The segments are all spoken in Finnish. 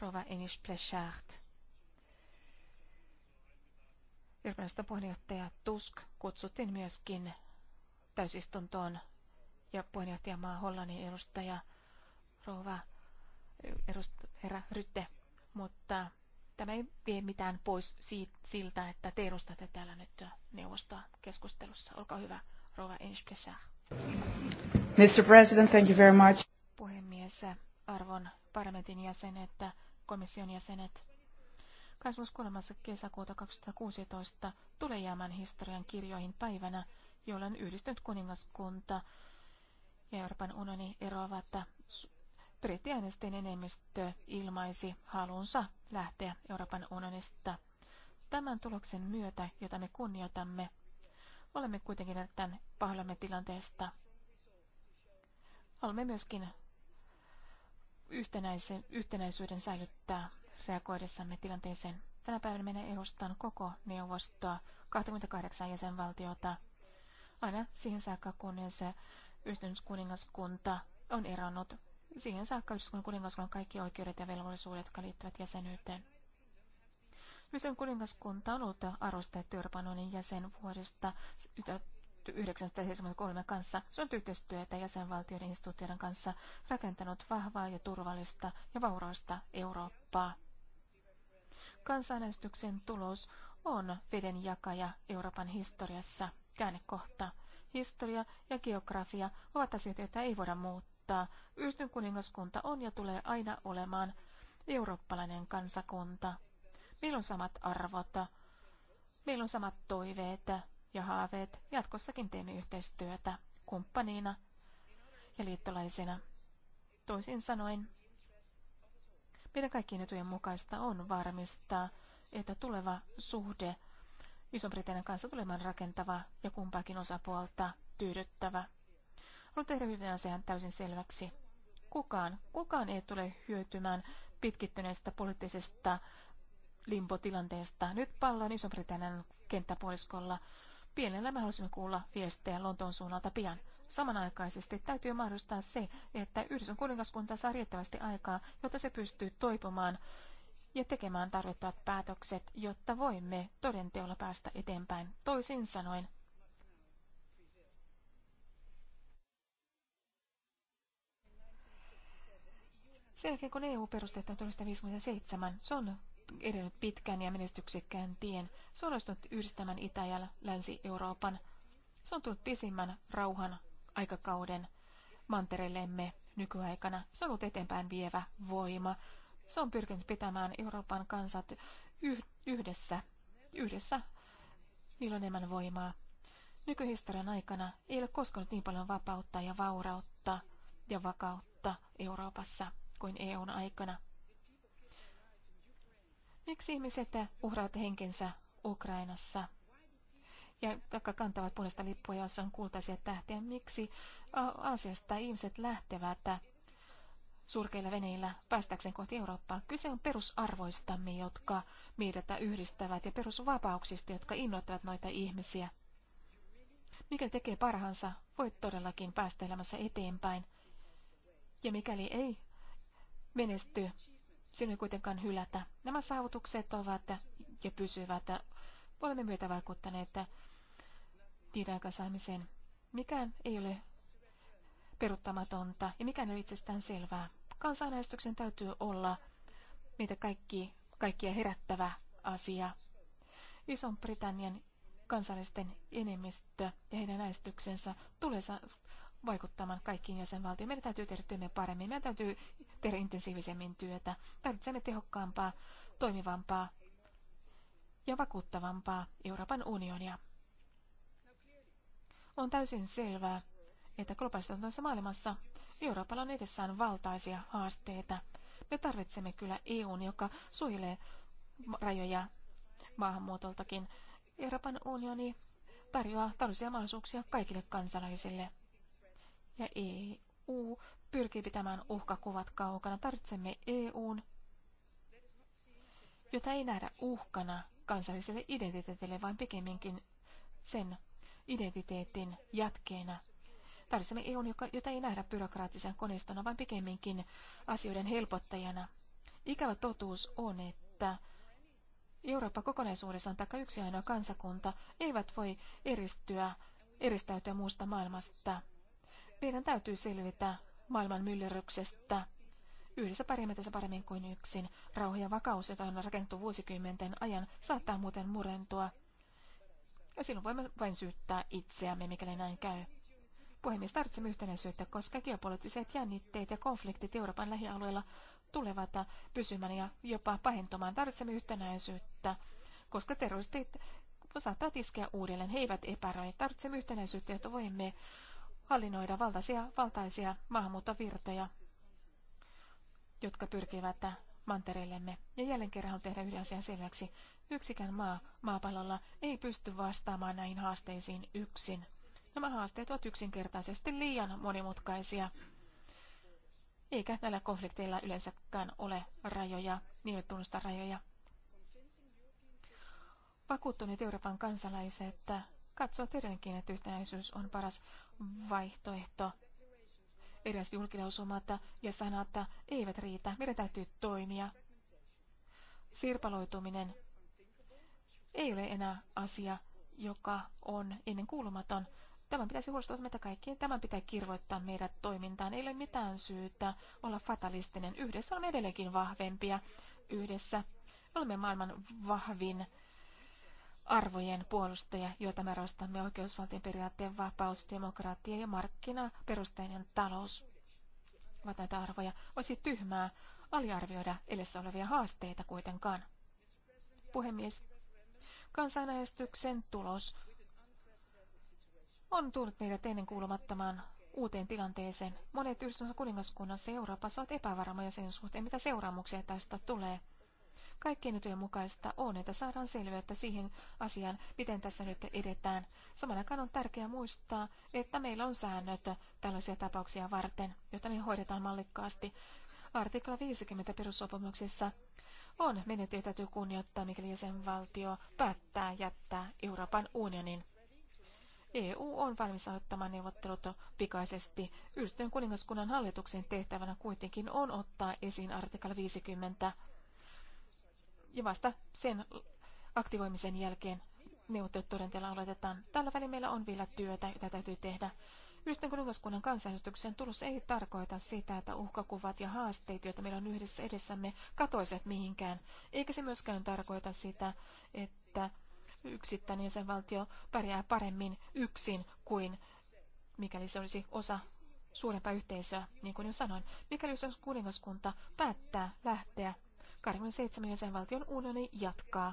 Rova Enish Plechard. Irlannista puheenjohtaja Tusk kutsuttiin myöskin täysistuntoon ja maa Hollannin edustaja Rova edust, herra Rytte, mutta tämä ei vie mitään pois siitä, siltä, että te edustatte täällä nyt neuvostoa keskustelussa. Olkaa hyvä, Rova Enschplechard. Mr. President, thank you very much. Puhemies, arvon parlamentin jäsen, että komission jäsenet. 23. kesäkuuta 2016 tulee jäämään historian kirjoihin päivänä, jolloin yhdistynyt kuningaskunta ja Euroopan unioni eroavat brittiäänestäjien enemmistö ilmaisi halunsa lähteä Euroopan unionista. Tämän tuloksen myötä, jota me kunnioitamme, olemme kuitenkin erittäin pahoillamme tilanteesta. Olemme myöskin yhtenäisyyden säilyttää reagoidessamme tilanteeseen. Tänä päivänä meidän edustan koko neuvostoa, 28 jäsenvaltiota, aina siihen saakka, kunnes yhdistyskuningaskunta on eronnut. Siihen saakka on kaikki oikeudet ja velvollisuudet, jotka liittyvät jäsenyyteen. Yhdistyskuningaskunta on ollut arvostettu Euroopan unionin jäsen vuodesta 1973 kanssa. Se on yhteistyötä jäsenvaltioiden instituutioiden kanssa rakentanut vahvaa ja turvallista ja vauroista Eurooppaa. Kansanäänestyksen tulos on veden jakaja Euroopan historiassa. Käännekohta. Historia ja geografia ovat asioita, joita ei voida muuttaa. Yhdistyn kuningaskunta on ja tulee aina olemaan eurooppalainen kansakunta. Meillä on samat arvot, meillä on samat toiveet, ja haaveet, jatkossakin teemme yhteistyötä kumppaniina ja liittolaisina. Toisin sanoen, meidän kaikkien etujen mukaista on varmistaa, että tuleva suhde Iso-Britannian kanssa tulemaan rakentava ja kumpaakin osapuolta tyydyttävä. Haluan tehdä yhden asian täysin selväksi. Kukaan, kukaan ei tule hyötymään pitkittyneestä poliittisesta limpotilanteesta. Nyt pallo on Iso-Britannian kenttäpuoliskolla. Pienellä me haluaisimme kuulla viestejä Lontoon suunnalta pian. Samanaikaisesti täytyy mahdollistaa se, että Yhdysvallan kuningaskunta saa riittävästi aikaa, jotta se pystyy toipumaan ja tekemään tarvittavat päätökset, jotta voimme todenteolla päästä eteenpäin. Toisin sanoen, Sen jälkeen kun EU perustettiin 1957, se on edennyt pitkän ja menestyksekkään tien. Se on onnistunut yhdistämään Itä- ja Länsi-Euroopan. Se on tullut pisimmän rauhan aikakauden mantereillemme nykyaikana. Se on ollut eteenpäin vievä voima. Se on pyrkinyt pitämään Euroopan kansat yhdessä. Yhdessä niillä on enemmän voimaa. Nykyhistorian aikana ei ole koskaan niin paljon vapautta ja vaurautta ja vakautta Euroopassa kuin EUn aikana. Miksi ihmiset uhraavat henkensä Ukrainassa? Ja taikka kantavat punaista lippuja, jossa on kultaisia tähtiä. Miksi Aasiasta ihmiset lähtevät surkeilla veneillä päästäkseen kohti Eurooppaa. Kyse on perusarvoistamme, jotka meidät yhdistävät ja perusvapauksista, jotka innoittavat noita ihmisiä. Mikä tekee parhaansa, voit todellakin päästä elämässä eteenpäin. Ja mikäli ei menesty sinne kuitenkaan hylätä. Nämä saavutukset ovat ja pysyvät. Olemme myötä vaikuttaneet niiden aikaansaamiseen. Mikään ei ole peruttamatonta ja mikään ei ole itsestään selvää. Kansanäistyksen täytyy olla meitä kaikki, kaikkia herättävä asia. Ison Britannian kansallisten enemmistö ja heidän äänestyksensä tulee vaikuttamaan kaikkiin jäsenvaltioihin. Meidän täytyy tehdä työmme paremmin, meidän täytyy tehdä intensiivisemmin työtä. Tarvitsemme tehokkaampaa, toimivampaa ja vakuuttavampaa Euroopan unionia. On täysin selvää, että globalisoituneessa maailmassa Euroopalla on edessään valtaisia haasteita. Me tarvitsemme kyllä EUn, joka suojelee rajoja maahanmuutoltakin. Euroopan unioni tarjoaa taloudellisia mahdollisuuksia kaikille kansalaisille ja EU pyrkii pitämään uhkakuvat kaukana. Tarvitsemme EUn, jota ei nähdä uhkana kansalliselle identiteetille, vaan pikemminkin sen identiteetin jatkeena. Tarvitsemme EUn, jota ei nähdä byrokraattisen koneistona, vaan pikemminkin asioiden helpottajana. Ikävä totuus on, että Eurooppa kokonaisuudessaan tai yksi ainoa kansakunta eivät voi eristyä, eristäytyä muusta maailmasta. Meidän täytyy selvitä maailman myllerryksestä yhdessä tässä paremmin kuin yksin. Rauha ja vakaus, jota on rakennettu vuosikymmenten ajan, saattaa muuten murentua. Ja silloin voimme vain syyttää itseämme, mikäli näin käy. Puhemies, tarvitsemme yhtenäisyyttä, koska geopoliittiset jännitteet ja konfliktit Euroopan lähialueilla tulevat pysymään ja jopa pahentumaan. Tarvitsemme yhtenäisyyttä, koska terroristit saattavat iskeä uudelleen. He eivät epäröi. Tarvitsemme yhtenäisyyttä, jotta voimme hallinnoida valtaisia, valtaisia maahanmuuttovirtoja, jotka pyrkivät mantereillemme. Ja jälleen kerran on tehdä yhden asian selväksi. Yksikään maa maapallolla ei pysty vastaamaan näihin haasteisiin yksin. Nämä haasteet ovat yksinkertaisesti liian monimutkaisia. Eikä näillä konflikteilla yleensäkään ole rajoja, niille tunnusta rajoja. Vakuuttuneet Euroopan kansalaiset katsovat edelleenkin, että yhtenäisyys on paras vaihtoehto. Eräs julkilausumat ja sanat eivät riitä. Meidän täytyy toimia. Sirpaloituminen ei ole enää asia, joka on ennen kuulumaton. Tämän pitäisi huolestua meitä kaikkia. Tämän pitää kirvoittaa meidät toimintaan. Ei ole mitään syytä olla fatalistinen. Yhdessä olemme edelleenkin vahvempia. Yhdessä olemme maailman vahvin arvojen puolustaja, joita me rastamme oikeusvaltion periaatteen vapaus, demokratia ja markkinaperusteinen talous ovat näitä arvoja. Olisi tyhmää aliarvioida edessä olevia haasteita kuitenkaan. Puhemies, kansanäänestyksen tulos on tullut meidät ennen kuulumattomaan uuteen tilanteeseen. Monet yhdistyneessä kuningaskunnassa ja Euroopassa ovat epävarmoja sen suhteen, mitä seuraamuksia tästä tulee – Kaikkien etujen mukaista on, että saadaan selvyyttä siihen asiaan, miten tässä nyt edetään. Samalla aikaan on tärkeää muistaa, että meillä on säännöt tällaisia tapauksia varten, jotta ne hoidetaan mallikkaasti. Artikla 50 perussopimuksessa on menettely täytyy kunnioittaa, mikäli jäsenvaltio päättää jättää Euroopan unionin. EU on valmis aloittamaan neuvottelut pikaisesti. Yhdistyneen kuningaskunnan hallituksen tehtävänä kuitenkin on ottaa esiin artikla 50 ja vasta sen aktivoimisen jälkeen neuvottelut todenteella aloitetaan. Tällä välin meillä on vielä työtä, jota täytyy tehdä. Yhdistön kuningaskunnan kansanäänestyksen tulos ei tarkoita sitä, että uhkakuvat ja haasteet, joita meillä on yhdessä edessämme, katoisivat mihinkään. Eikä se myöskään tarkoita sitä, että yksittäinen jäsenvaltio pärjää paremmin yksin kuin mikäli se olisi osa suurempaa yhteisöä, niin kuin jo sanoin. Mikäli kuningaskunta päättää lähteä 27 jäsenvaltion unioni jatkaa.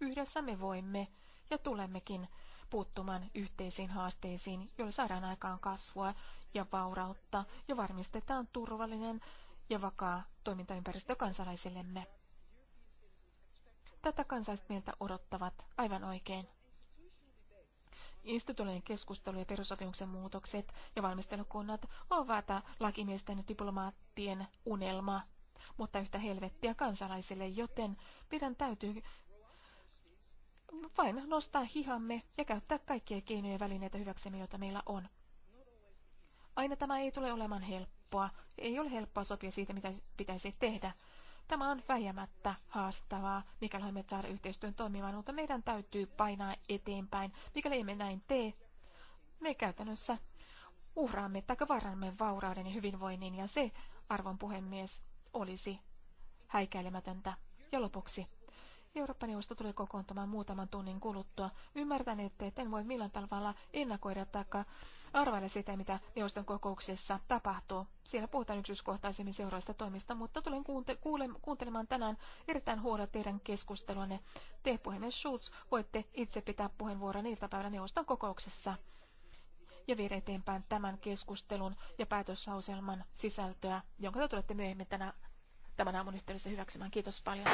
Yhdessä me voimme ja tulemmekin puuttumaan yhteisiin haasteisiin, joilla saadaan aikaan kasvua ja vaurautta ja varmistetaan turvallinen ja vakaa toimintaympäristö kansalaisillemme. Tätä kansalaiset meiltä odottavat aivan oikein. Instituutioiden keskustelu ja perusopimuksen muutokset ja valmistelukunnat ovat lakimiesten ja diplomaattien unelma mutta yhtä helvettiä kansalaisille, joten meidän täytyy vain nostaa hihamme ja käyttää kaikkia keinoja ja välineitä hyväksemme, joita meillä on. Aina tämä ei tule olemaan helppoa. Ei ole helppoa sopia siitä, mitä pitäisi tehdä. Tämä on väijämättä haastavaa, mikäli me saada yhteistyön toimimaan, mutta meidän täytyy painaa eteenpäin. Mikäli emme näin tee, me käytännössä uhraamme tai varannamme vaurauden ja hyvinvoinnin, ja se, arvon puhemies, olisi häikäilemätöntä. Ja lopuksi. Eurooppa-neuvosto tulee kokoontumaan muutaman tunnin kuluttua. Ymmärtän, että en voi millään tavalla ennakoida tai arvailla sitä, mitä neuvoston kokouksessa tapahtuu. Siellä puhutaan yksityiskohtaisemmin seuraavista toimista, mutta tulen kuunte- kuule- kuuntelemaan tänään erittäin huolella teidän keskustelunne. Te, puhemies Schulz, voitte itse pitää puheenvuoron iltapäivällä neuvoston kokouksessa ja viedä eteenpäin tämän keskustelun ja päätöslauselman sisältöä, jonka te tulette myöhemmin tänä, tämän aamun yhteydessä hyväksymään. Kiitos paljon.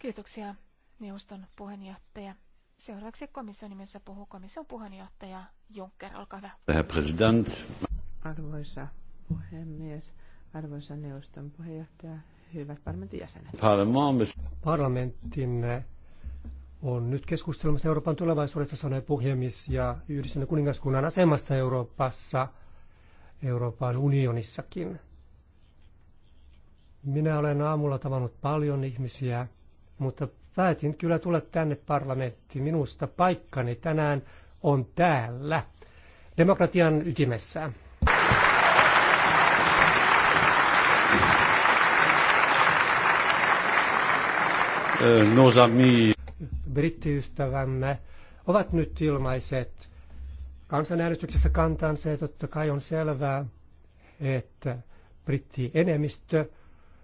Kiitoksia neuvoston puheenjohtaja. Seuraavaksi komission nimessä puhuu komission puheenjohtaja Juncker. Olkaa hyvä. Herr Arvoisa puhemies, arvoisa neuvoston puheenjohtaja, hyvät parlamentin jäsenet. Parlamentin on nyt keskustelemassa Euroopan tulevaisuudesta sanoi puhemies ja yhdistyneen kuningaskunnan asemasta Euroopassa, Euroopan unionissakin. Minä olen aamulla tavannut paljon ihmisiä, mutta päätin kyllä tulla tänne parlamenttiin. Minusta paikkani tänään on täällä, demokratian ytimessä. nos amis. Brittiystävämme ovat nyt ilmaiset kansanäänestyksessä kantansa ja totta kai on selvää, että britti enemmistö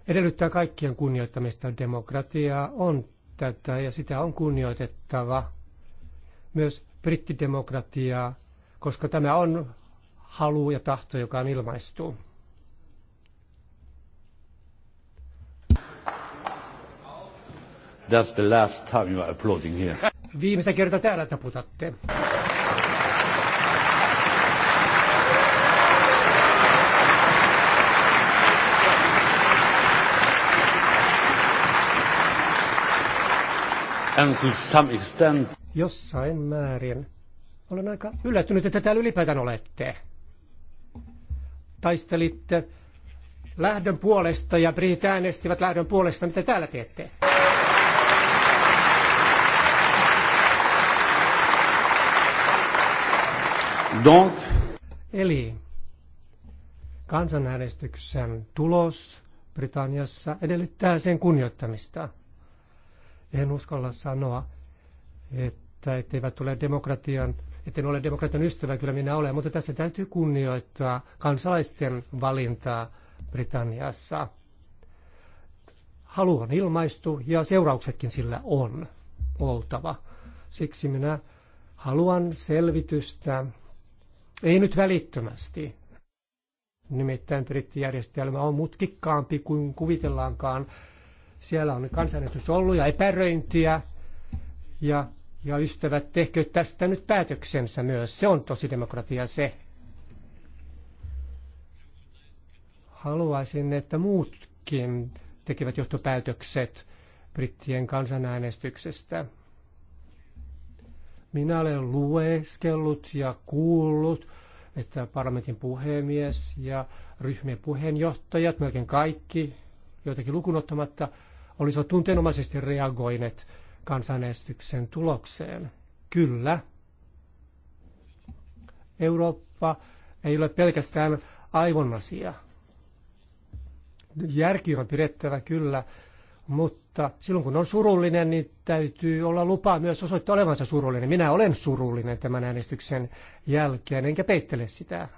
edellyttää kaikkien kunnioittamista. Demokratiaa on tätä ja sitä on kunnioitettava myös brittidemokratiaa, koska tämä on halu ja tahto, joka on ilmaistu. That's the last time you are applauding here. Viimeistä kertaa täällä taputatte. And to some extent... Jossain määrin. Olen aika yllättynyt, että täällä ylipäätään olette. Taistelitte lähdön puolesta ja britit äänestivät lähdön puolesta. Mitä täällä teette? Donc, Eli kansanäänestyksen tulos Britanniassa edellyttää sen kunnioittamista. En uskalla sanoa, että etteivät ole demokratian, etten ole demokratian ystävä, kyllä minä olen, mutta tässä täytyy kunnioittaa kansalaisten valintaa Britanniassa. Halu on ilmaistu ja seurauksetkin sillä on oltava. Siksi minä haluan selvitystä ei nyt välittömästi. Nimittäin brittijärjestelmä on mutkikkaampi kuin kuvitellaankaan. Siellä on kansanäänestys ollut ja epäröintiä. Ja, ja ystävät, tehkö tästä nyt päätöksensä myös. Se on tosi demokratia se. Haluaisin, että muutkin tekevät johtopäätökset brittien kansanäänestyksestä. Minä olen lueskellut ja kuullut, että parlamentin puhemies ja ryhmien puheenjohtajat, melkein kaikki, joitakin lukunottamatta, olisivat tunteenomaisesti reagoineet kansanäänestyksen tulokseen. Kyllä, Eurooppa ei ole pelkästään aivon asia. Järki on pidettävä kyllä mutta silloin kun on surullinen, niin täytyy olla lupa myös osoittaa olevansa surullinen. Minä olen surullinen tämän äänestyksen jälkeen, enkä peittele sitä.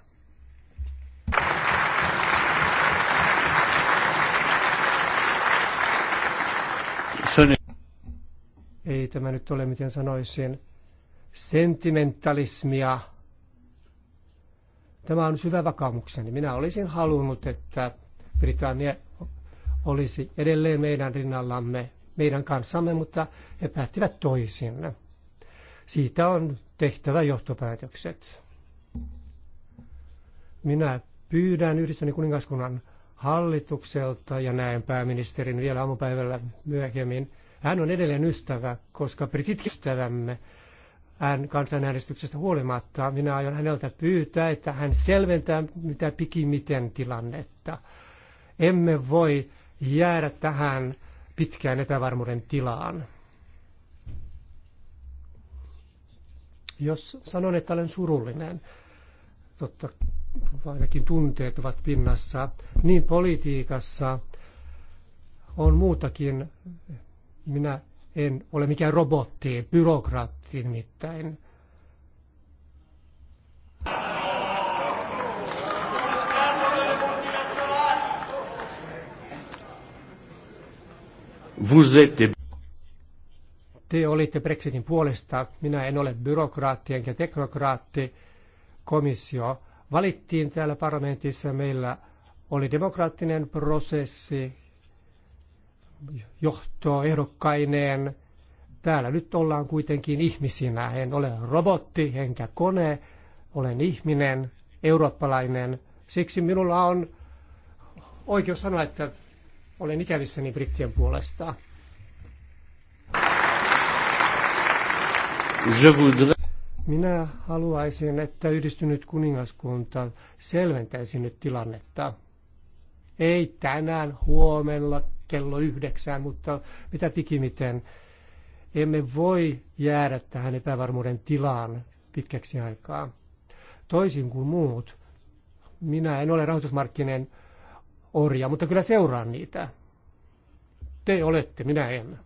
Ei tämä nyt ole, miten sanoisin, sentimentalismia. Tämä on syvä vakaumukseni. Minä olisin halunnut, että Britannia olisi edelleen meidän rinnallamme, meidän kanssamme, mutta he päättivät toisin. Siitä on tehtävä johtopäätökset. Minä pyydän yhdistyneen kuningaskunnan hallitukselta ja näen pääministerin vielä aamupäivällä myöhemmin. Hän on edelleen ystävä, koska britit ystävämme hän kansanäänestyksestä huolimatta. Minä aion häneltä pyytää, että hän selventää mitä pikimiten tilannetta. Emme voi jäädä tähän pitkään epävarmuuden tilaan. Jos sanon, että olen surullinen, totta ainakin tunteet ovat pinnassa, niin politiikassa on muutakin. Minä en ole mikään robotti, byrokraatti nimittäin. Vous êtes... Te olitte Brexitin puolesta, minä en ole byrokraatti enkä teknokraatti. Komissio valittiin täällä parlamentissa, meillä oli demokraattinen prosessi ehdokkaineen. Täällä nyt ollaan kuitenkin ihmisinä. En ole robotti enkä kone, olen ihminen, eurooppalainen. Siksi minulla on oikeus sanoa, että olen ikävissäni brittien puolesta. Minä haluaisin, että yhdistynyt kuningaskunta selventäisi nyt tilannetta. Ei tänään, huomenna, kello yhdeksään, mutta mitä pikimiten. Emme voi jäädä tähän epävarmuuden tilaan pitkäksi aikaa. Toisin kuin muut, minä en ole rahoitusmarkkinen orja, mutta kyllä seuraan niitä. Te olette, minä en.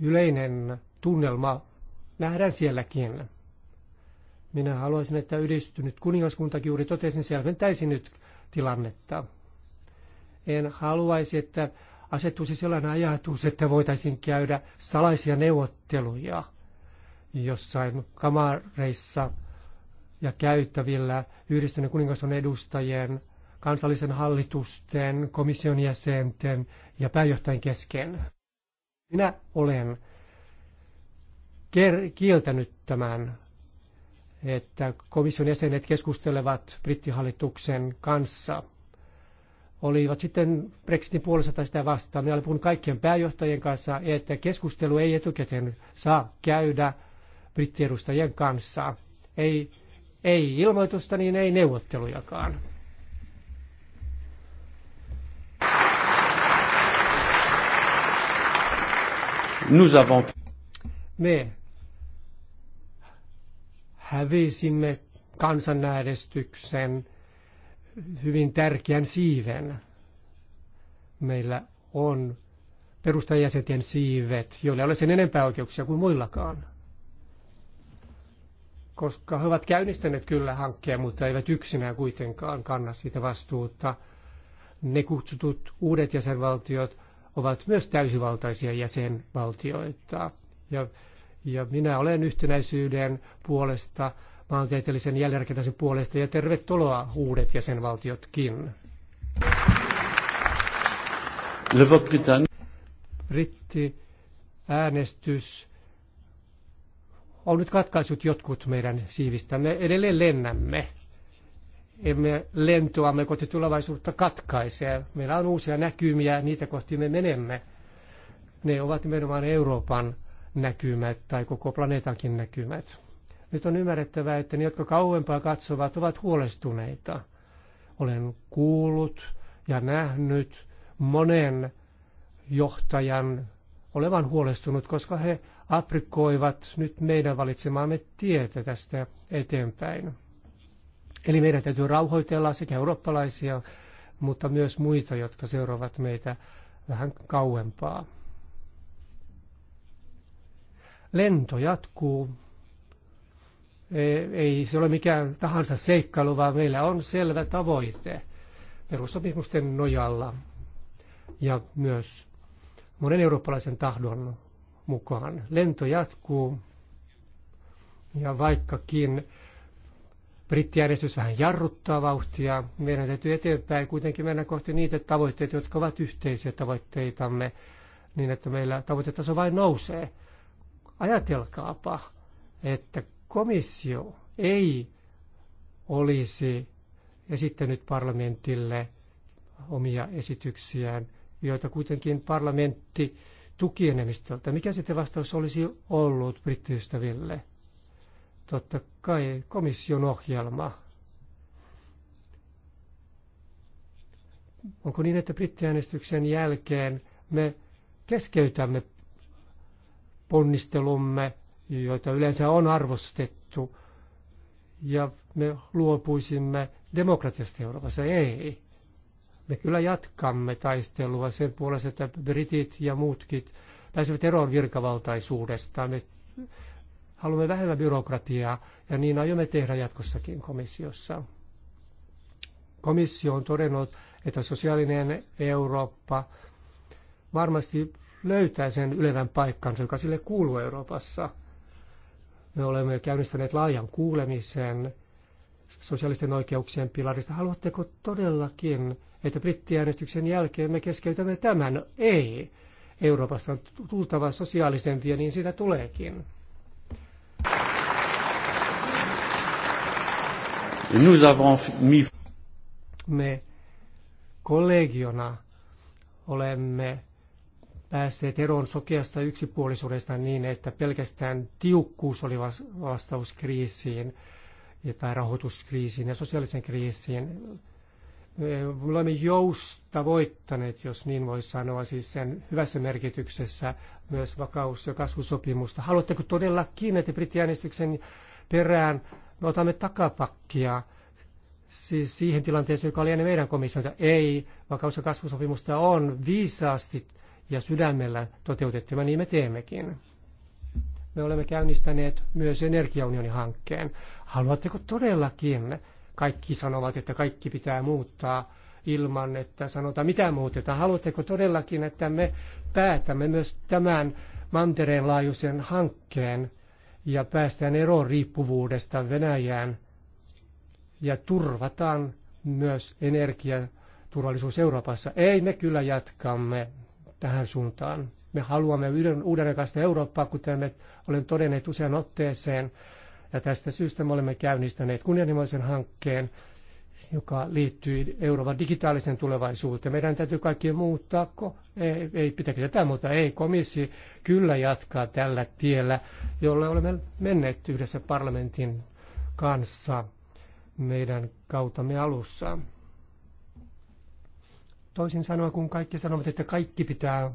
Yleinen tunnelma nähdään sielläkin. Minä haluaisin, että yhdistynyt kuningaskuntakin juuri totesin, niin selventäisi nyt tilannetta. En haluaisi, että asettuisi sellainen ajatus, että voitaisiin käydä salaisia neuvotteluja jossain kamareissa – ja käyttävillä yhdistyneen kuningaston edustajien, kansallisen hallitusten, komission jäsenten ja pääjohtajien kesken. Minä olen kieltänyt tämän, että komission jäsenet keskustelevat brittihallituksen kanssa olivat sitten Brexitin puolesta tai sitä vastaan. Minä olen puhunut kaikkien pääjohtajien kanssa, että keskustelu ei etukäteen saa käydä brittiedustajien kanssa. Ei ei ilmoitusta, niin ei neuvottelujakaan. Nous avons... Me hävisimme kansanäänestyksen hyvin tärkeän siiven. Meillä on perustajajäsenten siivet, joilla ei ole sen enempää oikeuksia kuin muillakaan koska he ovat käynnistäneet kyllä hankkeen, mutta eivät yksinään kuitenkaan kanna siitä vastuuta. Ne kutsutut uudet jäsenvaltiot ovat myös täysivaltaisia jäsenvaltioita. Ja, ja minä olen yhtenäisyyden puolesta, maantieteellisen jälleenrakentamisen puolesta ja tervetuloa uudet jäsenvaltiotkin. Le vote Britti äänestys on nyt katkaisut jotkut meidän siivistämme. Edelleen lennämme. Emme lentoamme kohti tulevaisuutta katkaisee. Meillä on uusia näkymiä, niitä kohti me menemme. Ne ovat nimenomaan Euroopan näkymät tai koko planeetankin näkymät. Nyt on ymmärrettävää, että ne, jotka kauempaa katsovat, ovat huolestuneita. Olen kuullut ja nähnyt monen johtajan olevan huolestunut, koska he aprikoivat nyt meidän valitsemaamme tietä tästä eteenpäin. Eli meidän täytyy rauhoitella sekä eurooppalaisia, mutta myös muita, jotka seuraavat meitä vähän kauempaa. Lento jatkuu. E, ei se ole mikään tahansa seikkailu, vaan meillä on selvä tavoite perussopimusten nojalla ja myös monen eurooppalaisen tahdon mukaan. Lento jatkuu ja vaikkakin brittijärjestys vähän jarruttaa vauhtia, meidän täytyy eteenpäin kuitenkin mennä kohti niitä tavoitteita, jotka ovat yhteisiä tavoitteitamme, niin että meillä tavoitetaso vain nousee. Ajatelkaapa, että komissio ei olisi esittänyt parlamentille omia esityksiään, joita kuitenkin parlamentti tukienemistöltä, Mikä sitten vastaus olisi ollut brittiystäville? Totta kai komission ohjelma. Onko niin, että brittiäänestyksen jälkeen me keskeytämme ponnistelumme, joita yleensä on arvostettu, ja me luopuisimme demokratiasta Euroopassa? Ei me kyllä jatkamme taistelua sen puolesta, että britit ja muutkin pääsevät eroon virkavaltaisuudesta. Me haluamme vähemmän byrokratiaa ja niin aiomme tehdä jatkossakin komissiossa. Komissio on todennut, että sosiaalinen Eurooppa varmasti löytää sen ylevän paikkansa, joka sille kuuluu Euroopassa. Me olemme käynnistäneet laajan kuulemisen sosiaalisten oikeuksien pilarista. Haluatteko todellakin, että brittiäänestyksen jälkeen me keskeytämme tämän? ei. Euroopassa on tultava sosiaalisempia, niin sitä tuleekin. Nous avons mis... Me kollegiona olemme päässeet eroon sokeasta yksipuolisuudesta niin, että pelkästään tiukkuus oli vastaus kriisiin tai rahoituskriisiin ja sosiaalisen kriisiin. Me olemme joustavoittaneet, jos niin voi sanoa, siis sen hyvässä merkityksessä myös vakaus- ja kasvusopimusta. Haluatteko todella että brittiäänestyksen perään me otamme takapakkia siis siihen tilanteeseen, joka oli ennen meidän komissiota? Ei, vakaus- ja kasvusopimusta on viisaasti ja sydämellä toteutettava, niin me teemmekin. Me olemme käynnistäneet myös energiaunionin hankkeen. Haluatteko todellakin, kaikki sanovat, että kaikki pitää muuttaa ilman, että sanotaan mitä muutetaan. Haluatteko todellakin, että me päätämme myös tämän mantereen laajuisen hankkeen ja päästään eroon riippuvuudesta Venäjään ja turvataan myös energiaturvallisuus Euroopassa. Ei, me kyllä jatkamme tähän suuntaan. Me haluamme uuden, uudenlaista Eurooppaa, kuten me olen todenneet usean otteeseen. Ja tästä syystä me olemme käynnistäneet kunnianhimoisen hankkeen, joka liittyy Euroopan digitaalisen tulevaisuuteen. Meidän täytyy kaikki muuttaa, ei, ei pitäkö tätä, mutta ei, komissi kyllä jatkaa tällä tiellä, jolle olemme menneet yhdessä parlamentin kanssa meidän kautamme alussa. Toisin sanoen, kun kaikki sanovat, että kaikki pitää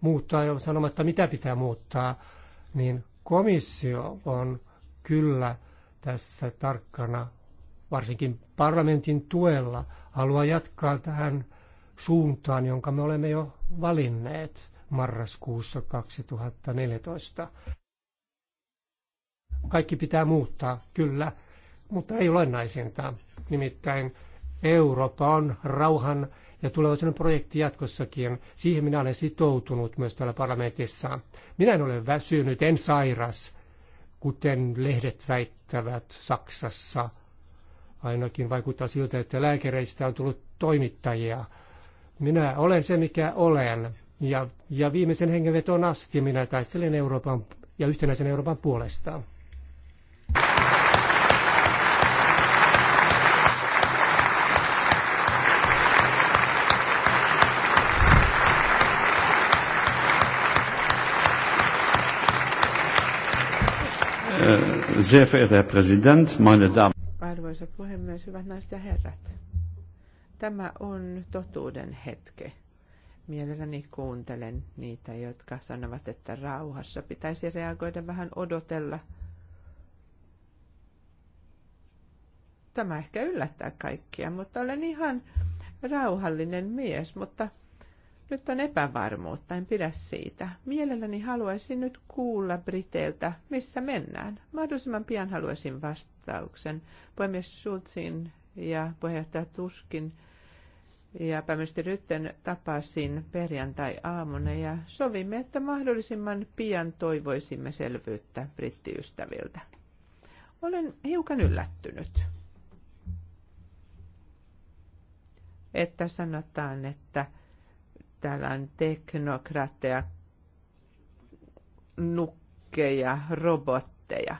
muuttaa ja sanomatta mitä pitää muuttaa, niin komissio on kyllä tässä tarkkana, varsinkin parlamentin tuella, haluaa jatkaa tähän suuntaan, jonka me olemme jo valinneet marraskuussa 2014. Kaikki pitää muuttaa, kyllä, mutta ei olennaisinta. Nimittäin Eurooppa on rauhan ja tulevaisuuden projekti jatkossakin. Siihen minä olen sitoutunut myös täällä parlamentissa. Minä en ole väsynyt, en sairas kuten lehdet väittävät Saksassa. Ainakin vaikuttaa siltä, että lääkäreistä on tullut toimittajia. Minä olen se, mikä olen. Ja, ja viimeisen hengenveton asti minä taistelen Euroopan ja yhtenäisen Euroopan puolesta. Sehr verehrter Herr Präsident, meine Damen. Arvoisa puhemies, hyvät naiset ja herrat. Tämä on totuuden hetke. Mielelläni kuuntelen niitä, jotka sanovat, että rauhassa pitäisi reagoida vähän odotella. Tämä ehkä yllättää kaikkia, mutta olen ihan rauhallinen mies, mutta nyt on epävarmuutta, en pidä siitä. Mielelläni haluaisin nyt kuulla Briteiltä, missä mennään. Mahdollisimman pian haluaisin vastauksen. Puhemies Schulzin ja puheenjohtaja Tuskin ja pääministeri Rytten tapasin perjantai-aamuna ja sovimme, että mahdollisimman pian toivoisimme selvyyttä brittiystäviltä. Olen hiukan yllättynyt, että sanotaan, että – Täällä teknokrateja, nukkeja, robotteja.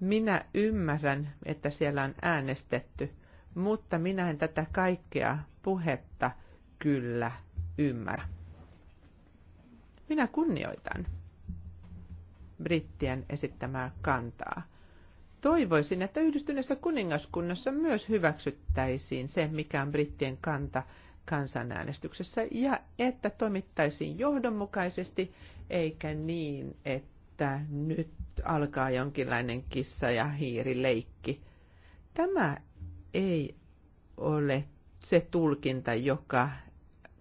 Minä ymmärrän, että siellä on äänestetty, mutta minä en tätä kaikkea puhetta kyllä ymmärrä. Minä kunnioitan brittien esittämää kantaa. Toivoisin, että yhdistyneessä kuningaskunnassa myös hyväksyttäisiin se, mikä on brittien kanta kansanäänestyksessä ja että toimittaisiin johdonmukaisesti eikä niin, että nyt alkaa jonkinlainen kissa ja hiirileikki. Tämä ei ole se tulkinta, joka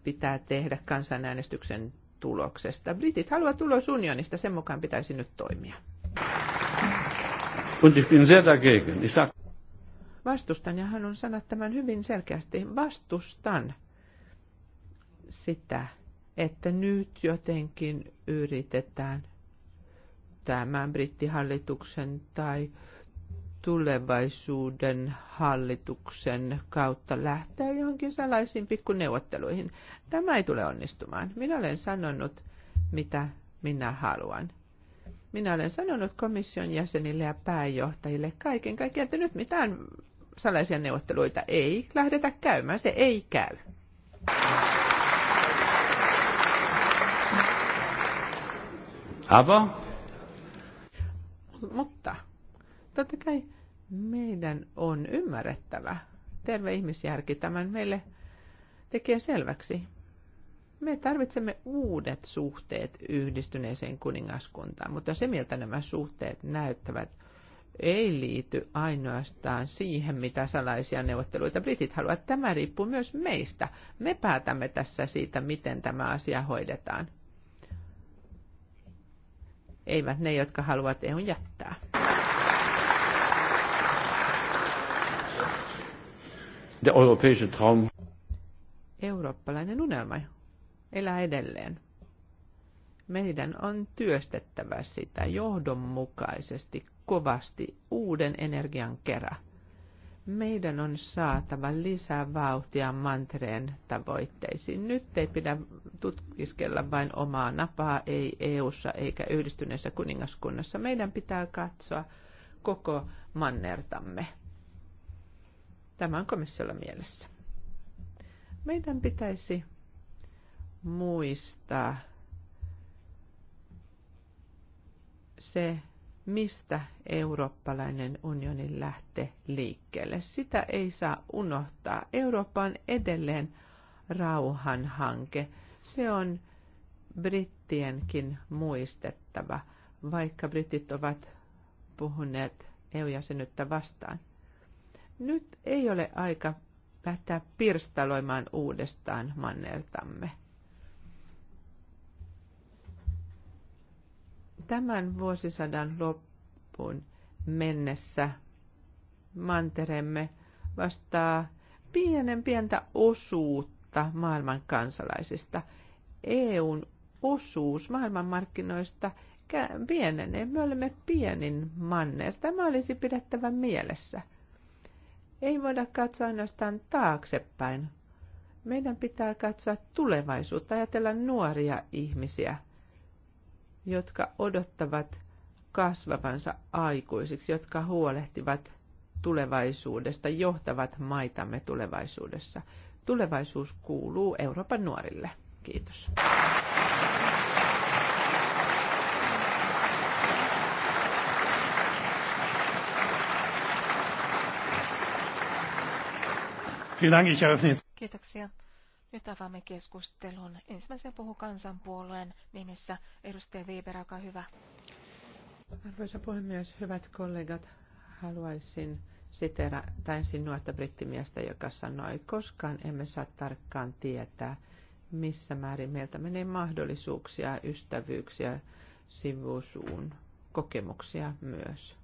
pitää tehdä kansanäänestyksen tuloksesta. Britit haluavat tulos unionista, sen mukaan pitäisi nyt toimia. Niin vastustan, ja hän on sanat tämän hyvin selkeästi, vastustan sitä, että nyt jotenkin yritetään tämän brittihallituksen tai tulevaisuuden hallituksen kautta lähteä johonkin salaisiin pikkuneuvotteluihin. Tämä ei tule onnistumaan. Minä olen sanonut, mitä minä haluan. Minä olen sanonut komission jäsenille ja pääjohtajille kaiken kaikkiaan, että nyt mitään salaisia neuvotteluita ei lähdetä käymään. Se ei käy. Aber... Mutta totta kai meidän on ymmärrettävä. Terve ihmisjärki tämän meille tekee selväksi. Me tarvitsemme uudet suhteet yhdistyneeseen kuningaskuntaan, mutta se miltä nämä suhteet näyttävät ei liity ainoastaan siihen, mitä salaisia neuvotteluita britit haluavat. Tämä riippuu myös meistä. Me päätämme tässä siitä, miten tämä asia hoidetaan eivät ne, jotka haluavat EUn jättää. Der europäische Traum. Eurooppalainen unelma elää edelleen. Meidän on työstettävä sitä johdonmukaisesti kovasti uuden energian kerran meidän on saatava lisää vauhtia mantereen tavoitteisiin. Nyt ei pidä tutkiskella vain omaa napaa, ei EU:ssa eikä yhdistyneessä kuningaskunnassa. Meidän pitää katsoa koko mannertamme. Tämä on komissiolla mielessä. Meidän pitäisi muistaa se, mistä eurooppalainen unioni lähtee liikkeelle. Sitä ei saa unohtaa. Eurooppa on edelleen rauhan hanke. Se on brittienkin muistettava, vaikka britit ovat puhuneet EU-jäsenyyttä vastaan. Nyt ei ole aika lähteä pirstaloimaan uudestaan mannertamme. tämän vuosisadan loppuun mennessä mantereemme vastaa pienen pientä osuutta maailman kansalaisista. EUn osuus maailmanmarkkinoista pienenee. Me olemme pienin manner. Tämä olisi pidettävä mielessä. Ei voida katsoa ainoastaan taaksepäin. Meidän pitää katsoa tulevaisuutta, ajatella nuoria ihmisiä – jotka odottavat kasvavansa aikuisiksi, jotka huolehtivat tulevaisuudesta, johtavat maitamme tulevaisuudessa. Tulevaisuus kuuluu Euroopan nuorille. Kiitos. Kiitoksia. Nyt avaamme keskustelun. Ensimmäisen puhu kansanpuolueen nimissä edustaja Weber, olkaa hyvä. Arvoisa puhemies, hyvät kollegat, haluaisin sitera täysin nuorta brittimiestä, joka sanoi, koskaan emme saa tarkkaan tietää, missä määrin meiltä menee mahdollisuuksia, ystävyyksiä, sivusuun, kokemuksia myös.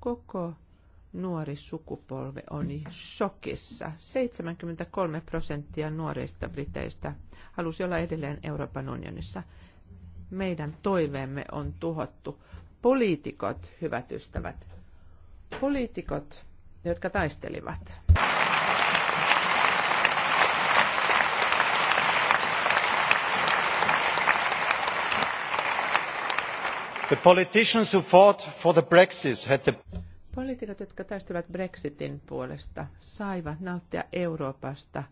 Koko nuori sukupolvi on shokissa. 73 prosenttia nuorista briteistä halusi olla edelleen Euroopan unionissa. Meidän toiveemme on tuhottu. Poliitikot, hyvät ystävät, poliitikot, jotka taistelivat. The politicians who fought for the Brexit had the Poliitikot, jotka taistelivat Brexitin puolesta, saivat nauttia Euroopasta,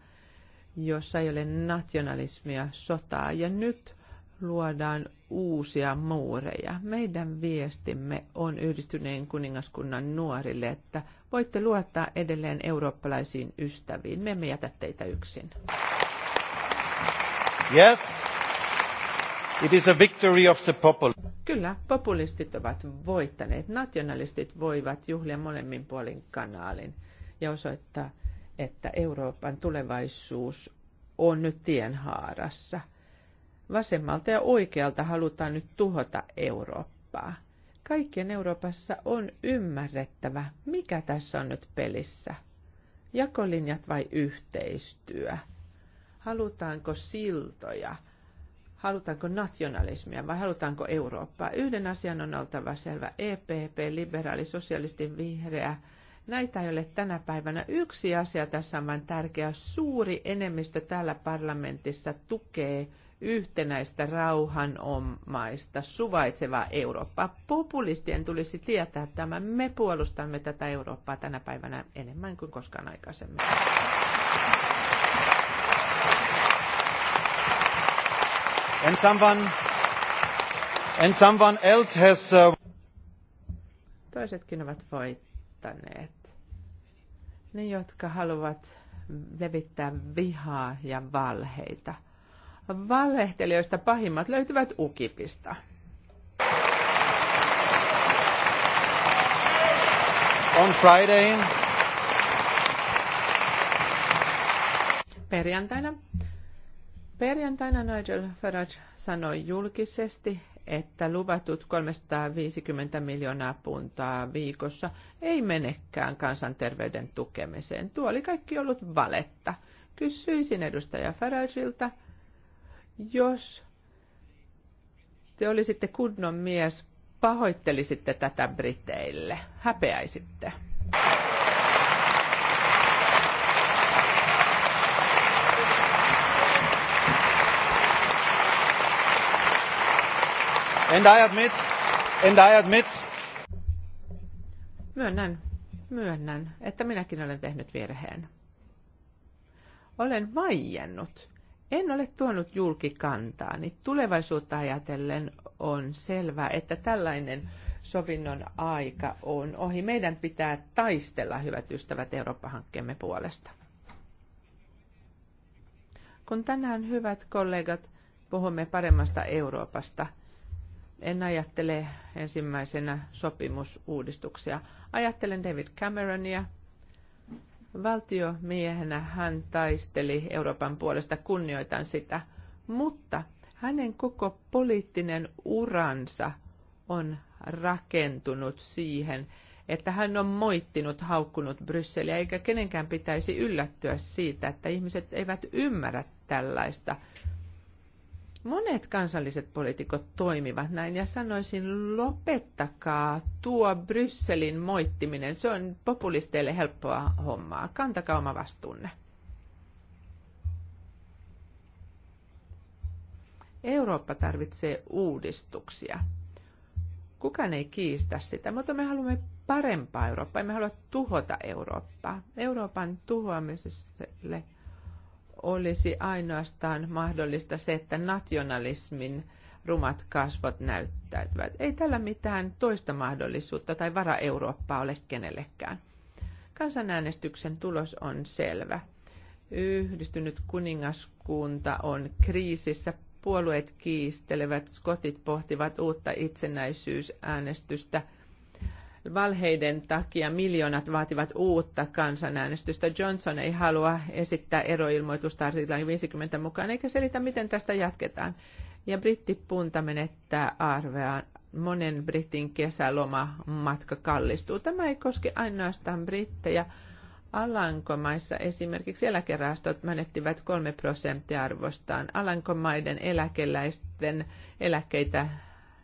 jossa ei ole nationalismia, sotaa. Ja nyt luodaan uusia muureja. Meidän viestimme on yhdistyneen kuningaskunnan nuorille, että voitte luottaa edelleen eurooppalaisiin ystäviin. Me emme jätä teitä yksin. Yes. It is a victory of the Kyllä, populistit ovat voittaneet. Nationalistit voivat juhlia molemmin puolin kanaalin ja osoittaa, että Euroopan tulevaisuus on nyt tienhaarassa. Vasemmalta ja oikealta halutaan nyt tuhota Eurooppaa. Kaikkien Euroopassa on ymmärrettävä, mikä tässä on nyt pelissä. Jakolinjat vai yhteistyö? Halutaanko siltoja? halutaanko nationalismia vai halutaanko Eurooppaa. Yhden asian on oltava selvä. EPP, liberaali, sosialisti, vihreä. Näitä ei ole tänä päivänä. Yksi asia tässä on vain tärkeä. Suuri enemmistö täällä parlamentissa tukee yhtenäistä, rauhanomaista, suvaitsevaa Eurooppaa. Populistien tulisi tietää tämä. Me puolustamme tätä Eurooppaa tänä päivänä enemmän kuin koskaan aikaisemmin. And someone, and someone else has, uh... Toisetkin ovat voittaneet. Ne, jotka haluavat levittää vihaa ja valheita. Valehtelijoista pahimmat löytyvät ukipista. On Friday. Perjantaina Perjantaina Nigel Farage sanoi julkisesti, että luvatut 350 miljoonaa puntaa viikossa ei menekään kansanterveyden tukemiseen. Tuo oli kaikki ollut valetta. Kysyisin edustaja Farageilta, jos te olisitte kunnon mies, pahoittelisitte tätä Briteille, häpeäisitte. And I admit, and I admit. Myönnän, myönnän, että minäkin olen tehnyt virheen. Olen vaiennut. En ole tuonut julkikantaani. Tulevaisuutta ajatellen on selvää, että tällainen sovinnon aika on ohi. Meidän pitää taistella, hyvät ystävät, Eurooppa-hankkeemme puolesta. Kun tänään, hyvät kollegat, puhumme paremmasta Euroopasta – en ajattele ensimmäisenä sopimusuudistuksia. Ajattelen David Cameronia. Valtiomiehenä hän taisteli Euroopan puolesta, kunnioitan sitä, mutta hänen koko poliittinen uransa on rakentunut siihen, että hän on moittinut, haukkunut Brysseliä, eikä kenenkään pitäisi yllättyä siitä, että ihmiset eivät ymmärrä tällaista Monet kansalliset poliitikot toimivat näin ja sanoisin, lopettakaa tuo Brysselin moittiminen. Se on populisteille helppoa hommaa. Kantakaa oma vastuunne. Eurooppa tarvitsee uudistuksia. Kukaan ei kiistä sitä, mutta me haluamme parempaa Eurooppaa. Emme halua tuhota Eurooppaa. Euroopan tuhoamiselle olisi ainoastaan mahdollista se, että nationalismin rumat kasvot näyttäytyvät. Ei tällä mitään toista mahdollisuutta tai vara-Eurooppaa ole kenellekään. Kansanäänestyksen tulos on selvä. Yhdistynyt kuningaskunta on kriisissä, puolueet kiistelevät, skotit pohtivat uutta itsenäisyysäänestystä – valheiden takia miljoonat vaativat uutta kansanäänestystä. Johnson ei halua esittää eroilmoitusta artiklan 50 mukaan, eikä selitä, miten tästä jatketaan. Ja brittipunta menettää arveaan. Monen britin kesäloma matka kallistuu. Tämä ei koske ainoastaan brittejä. Alankomaissa esimerkiksi eläkerahastot menettivät 3 prosenttia arvostaan. Alankomaiden eläkeläisten eläkkeitä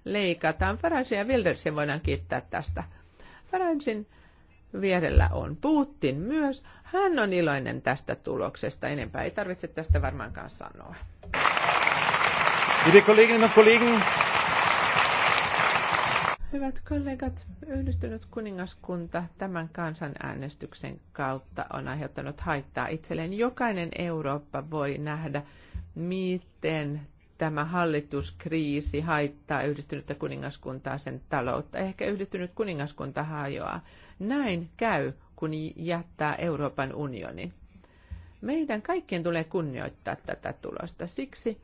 leikataan. Farage ja Wildersin voidaan kiittää tästä. Faragein vierellä on Putin myös. Hän on iloinen tästä tuloksesta. Enempää ei tarvitse tästä varmaankaan sanoa. Hyvät kollegat, yhdistynyt kuningaskunta tämän kansanäänestyksen kautta on aiheuttanut haittaa itselleen. Jokainen Eurooppa voi nähdä, miten tämä hallituskriisi haittaa yhdistynyttä kuningaskuntaa sen taloutta. Ehkä yhdistynyt kuningaskunta hajoaa. Näin käy, kun jättää Euroopan unionin. Meidän kaikkien tulee kunnioittaa tätä tulosta. Siksi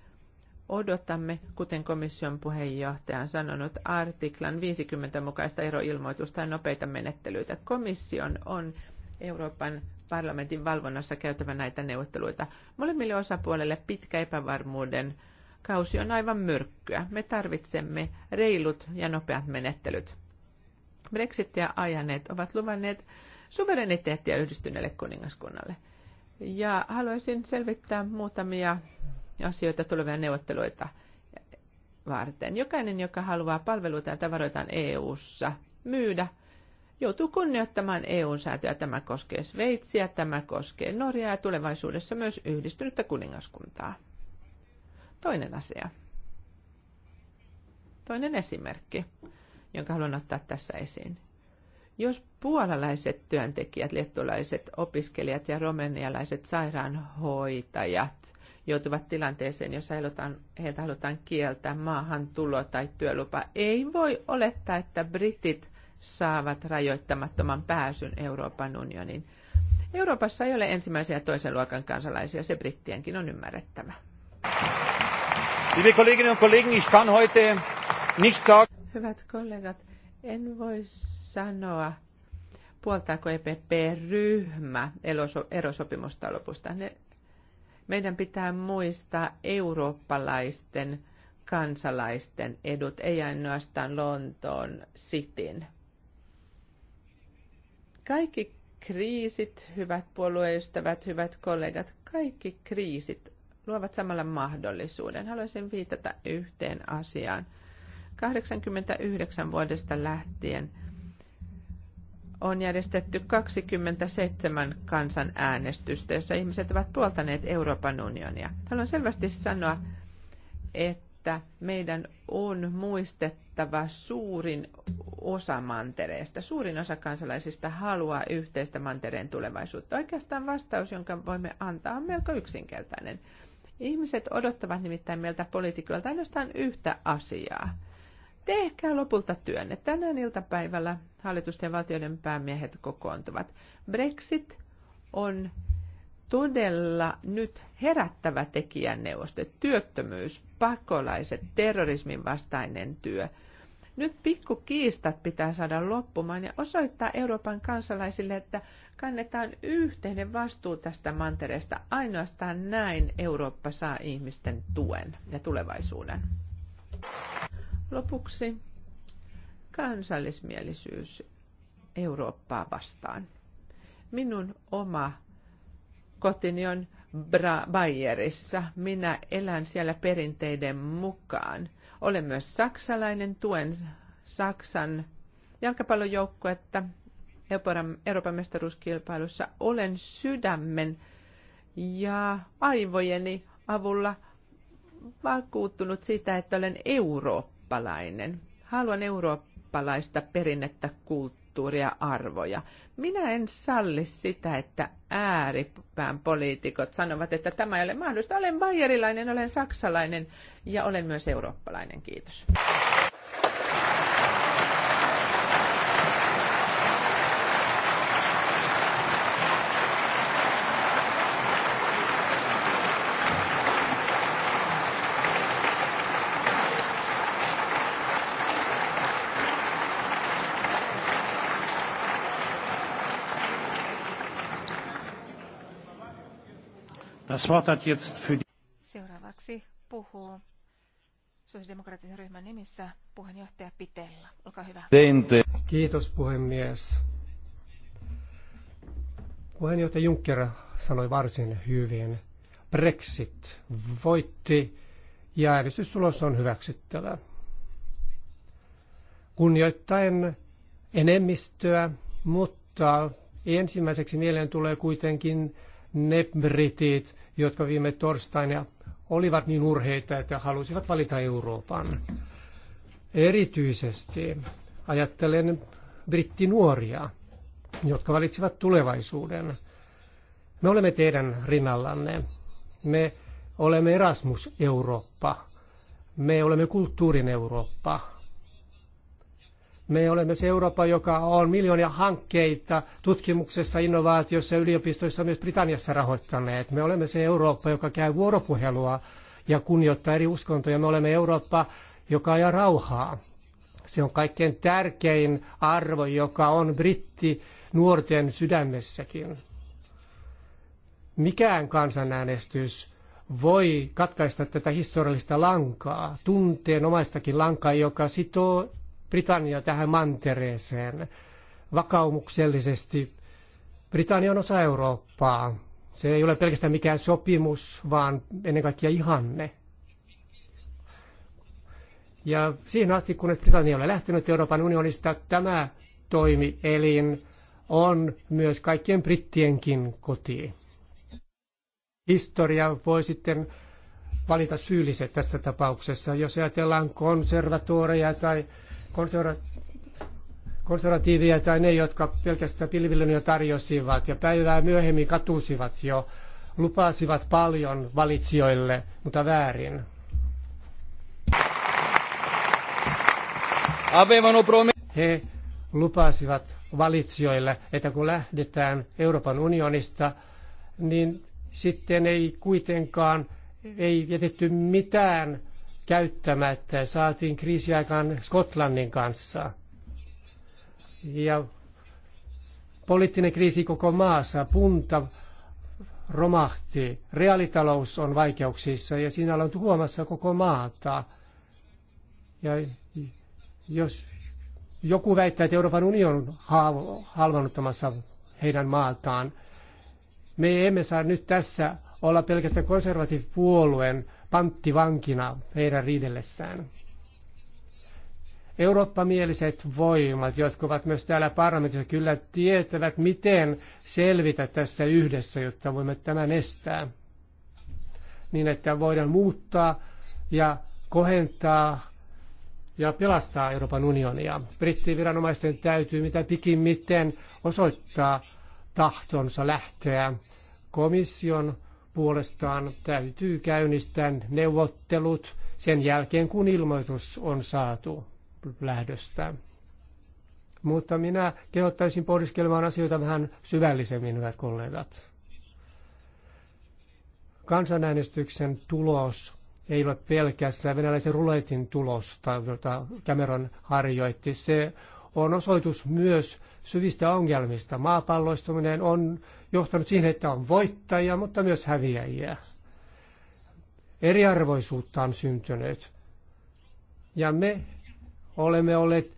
odotamme, kuten komission puheenjohtaja on sanonut, artiklan 50 mukaista eroilmoitusta tai nopeita menettelyitä. Komission on Euroopan parlamentin valvonnassa käytävä näitä neuvotteluita. Molemmille osapuolelle pitkä epävarmuuden kausi on aivan myrkkyä. Me tarvitsemme reilut ja nopeat menettelyt. Brexit ja ajaneet ovat luvanneet suvereniteettia yhdistyneelle kuningaskunnalle. Ja haluaisin selvittää muutamia asioita tulevia neuvotteluita varten. Jokainen, joka haluaa palveluita ja tavaroitaan EU-ssa myydä, joutuu kunnioittamaan EU-säätöä. Tämä koskee Sveitsiä, tämä koskee Norjaa ja tulevaisuudessa myös yhdistynyttä kuningaskuntaa. Toinen asia. Toinen esimerkki, jonka haluan ottaa tässä esiin. Jos puolalaiset työntekijät, liettulaiset opiskelijat ja romenialaiset sairaanhoitajat joutuvat tilanteeseen, jossa heiltä halutaan kieltää maahantulo tai työlupa, ei voi olettaa, että britit saavat rajoittamattoman pääsyn Euroopan unioniin. Euroopassa ei ole ensimmäisen ja toisen luokan kansalaisia, se brittienkin on ymmärrettävä. Liebe Kolleginnen und Kollegen, ich kann heute nicht sagen. Hyvät kollegat, en voi sanoa, puoltaako EPP-ryhmä erosopimusta lopusta. Ne, meidän pitää muistaa eurooppalaisten kansalaisten edut, ei ainoastaan Lontoon sitin. Kaikki kriisit, hyvät puolueystävät, hyvät kollegat, kaikki kriisit luovat samalla mahdollisuuden. Haluaisin viitata yhteen asiaan. 89 vuodesta lähtien on järjestetty 27 kansanäänestystä, jossa ihmiset ovat puoltaneet Euroopan unionia. Haluan selvästi sanoa, että meidän on muistettava suurin osa mantereesta. Suurin osa kansalaisista haluaa yhteistä mantereen tulevaisuutta. Oikeastaan vastaus, jonka voimme antaa, on melko yksinkertainen. Ihmiset odottavat nimittäin meiltä poliitikoilta ainoastaan yhtä asiaa. Tehkää lopulta työnne. Tänään iltapäivällä hallitusten ja valtioiden päämiehet kokoontuvat. Brexit on todella nyt herättävä tekijänneuvoste. Työttömyys, pakolaiset, terrorismin vastainen työ. Nyt pikkukiistat pitää saada loppumaan ja osoittaa Euroopan kansalaisille, että kannetaan yhteinen vastuu tästä mantereesta. Ainoastaan näin Eurooppa saa ihmisten tuen ja tulevaisuuden. Lopuksi kansallismielisyys Eurooppaa vastaan. Minun oma kotini on Bra- Bayerissa. Minä elän siellä perinteiden mukaan. Olen myös saksalainen, tuen Saksan jalkapallojoukkuetta Euroopan mestaruuskilpailussa, olen sydämen ja aivojeni avulla vakuuttunut siitä, että olen eurooppalainen. Haluan eurooppalaista perinnettä, kulttuuria, arvoja. Minä en salli sitä, että ääripään poliitikot sanovat, että tämä ei ole mahdollista. Olen bayerilainen, olen saksalainen ja olen myös eurooppalainen. Kiitos. Das Wort hat jetzt für Seuraavaksi puhuu sosiaalidemokraattisen ryhmän nimissä puheenjohtaja Pitella. Olkaa hyvä. Tente. Kiitos puhemies. Puheenjohtaja Juncker sanoi varsin hyvin. Brexit voitti ja äänestystulos on hyväksyttävä. Kunnioittaen enemmistöä, mutta ensimmäiseksi mieleen tulee kuitenkin ne britit, jotka viime torstaina olivat niin urheita, että halusivat valita Euroopan. Erityisesti ajattelen brittinuoria, jotka valitsivat tulevaisuuden. Me olemme teidän rinnallanne. Me olemme Erasmus-Eurooppa. Me olemme kulttuurin Eurooppa me olemme se Eurooppa, joka on miljoonia hankkeita tutkimuksessa, innovaatiossa ja yliopistoissa myös Britanniassa rahoittaneet. Me olemme se Eurooppa, joka käy vuoropuhelua ja kunnioittaa eri uskontoja. Me olemme Eurooppa, joka ajaa rauhaa. Se on kaikkein tärkein arvo, joka on britti nuorten sydämessäkin. Mikään kansanäänestys voi katkaista tätä historiallista lankaa, tunteenomaistakin lankaa, joka sitoo Britannia tähän mantereeseen vakaumuksellisesti. Britannia on osa Eurooppaa. Se ei ole pelkästään mikään sopimus, vaan ennen kaikkea ihanne. Ja siihen asti, kunnes Britannia oli lähtenyt Euroopan unionista, tämä toimielin on myös kaikkien brittienkin koti. Historia voi sitten valita syylliset tässä tapauksessa. Jos ajatellaan konservatuoreja tai konservatiiveja tai ne, jotka pelkästään pilvillön jo tarjosivat ja päivää myöhemmin katusivat jo, lupasivat paljon valitsijoille, mutta väärin. He lupasivat valitsijoille, että kun lähdetään Euroopan unionista, niin sitten ei kuitenkaan ei jätetty mitään käyttämättä. Saatiin kriisiaikaan Skotlannin kanssa. Ja poliittinen kriisi koko maassa, punta romahti, reaalitalous on vaikeuksissa ja siinä on huomassa koko maata. Ja jos joku väittää, että Euroopan union on halvannuttamassa heidän maataan, me emme saa nyt tässä olla pelkästään konservatiivipuolueen panttivankina heidän riidellessään. Eurooppamieliset voimat, jotka ovat myös täällä parlamentissa, kyllä tietävät, miten selvitä tässä yhdessä, jotta voimme tämän estää. Niin, että voidaan muuttaa ja kohentaa ja pelastaa Euroopan unionia. Brittiviranomaisten täytyy mitä pikimmiten osoittaa tahtonsa lähteä komission puolestaan täytyy käynnistää neuvottelut sen jälkeen, kun ilmoitus on saatu lähdöstä. Mutta minä kehottaisin pohdiskelemaan asioita vähän syvällisemmin, hyvät kollegat. Kansanäänestyksen tulos ei ole pelkästään venäläisen ruletin tulosta, jota Cameron harjoitti. Se on osoitus myös syvistä ongelmista. Maapalloistuminen on johtanut siihen, että on voittajia, mutta myös häviäjiä. Eriarvoisuutta on syntynyt. Ja me olemme olleet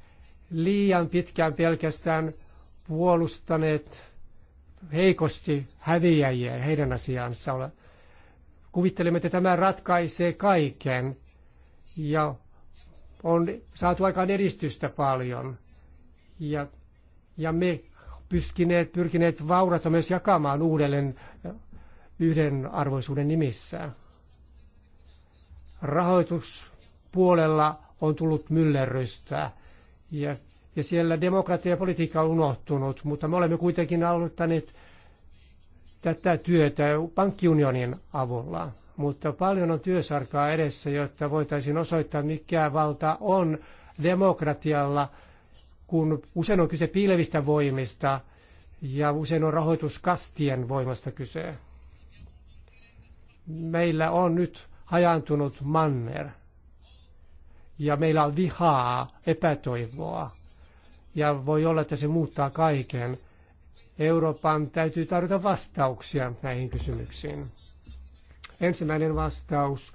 liian pitkään pelkästään puolustaneet heikosti häviäjiä heidän asiansa. Kuvittelemme, että tämä ratkaisee kaiken ja on saatu aikaan edistystä paljon. Ja, ja me pyskineet, pyrkineet vaurata myös jakamaan uudelleen yhdenarvoisuuden nimissä. Rahoituspuolella on tullut myllerrystä ja, ja siellä demokratia ja politiikka on unohtunut, mutta me olemme kuitenkin aloittaneet tätä työtä pankkiunionin avulla. Mutta paljon on työsarkaa edessä, jotta voitaisiin osoittaa, mikä valta on demokratialla – kun usein on kyse piilevistä voimista ja usein on rahoituskastien voimasta kyse. Meillä on nyt hajantunut manner ja meillä on vihaa, epätoivoa ja voi olla, että se muuttaa kaiken. Euroopan täytyy tarjota vastauksia näihin kysymyksiin. Ensimmäinen vastaus,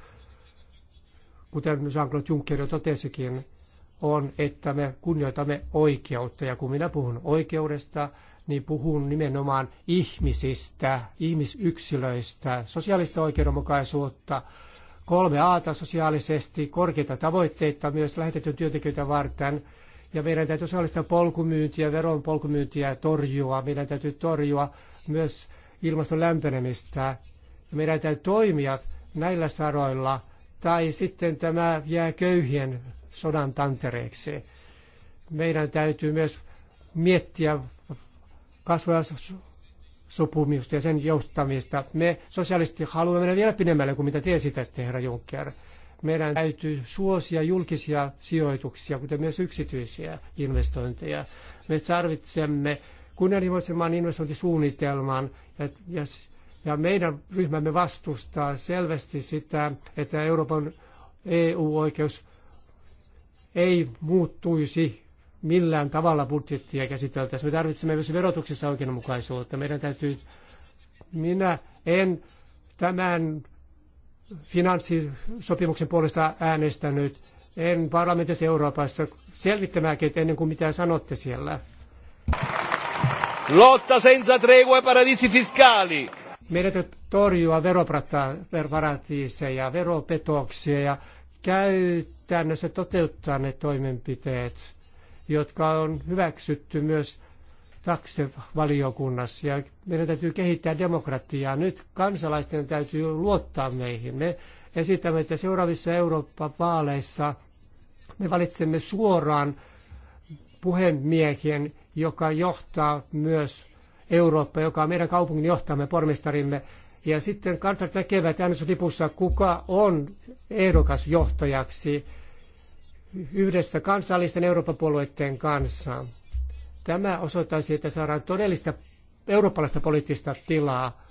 kuten Jean-Claude Juncker jo totesikin, on, että me kunnioitamme oikeutta. Ja kun minä puhun oikeudesta, niin puhun nimenomaan ihmisistä, ihmisyksilöistä, sosiaalista oikeudenmukaisuutta, kolme aata sosiaalisesti, korkeita tavoitteita myös lähetetyn työntekijöitä varten. Ja meidän täytyy sosiaalista polkumyyntiä, veron polkumyyntiä torjua. Meidän täytyy torjua myös ilmaston lämpenemistä. Ja meidän täytyy toimia näillä saroilla, tai sitten tämä jää köyhien sodan tantereeksi. Meidän täytyy myös miettiä kasvoja sopumista ja sen joustamista. Me sosiaalisesti haluamme mennä vielä pidemmälle kuin mitä te esitätte, herra Juncker. Meidän täytyy suosia julkisia sijoituksia, kuten myös yksityisiä investointeja. Me tarvitsemme kunnianhimoisemman investointisuunnitelman ja, ja, ja meidän ryhmämme vastustaa selvästi sitä, että Euroopan EU-oikeus ei muuttuisi millään tavalla budjettia käsiteltäisiin. Me tarvitsemme myös verotuksessa oikeudenmukaisuutta. Meidän täytyy, minä en tämän finanssisopimuksen puolesta äänestänyt, en parlamentissa Euroopassa selvittämäänkin ennen kuin mitä sanotte siellä. Lotta senza tregua e paradisi fiscali. Meidän täytyy torjua veroparatiiseja, veropetoksia ja käyttää se toteuttaa ne toimenpiteet, jotka on hyväksytty myös taksevaliokunnassa. Ja meidän täytyy kehittää demokratiaa. Nyt kansalaisten täytyy luottaa meihin. Me esitämme, että seuraavissa Euroopan vaaleissa me valitsemme suoraan puhemiehen, joka johtaa myös Eurooppa, joka on meidän kaupungin johtamme, pormestarimme, ja sitten kansat näkevät äänestyslipussa, kuka on ehdokas johtajaksi yhdessä kansallisten Euroopan puolueiden kanssa. Tämä osoittaisi, että saadaan todellista eurooppalaista poliittista tilaa.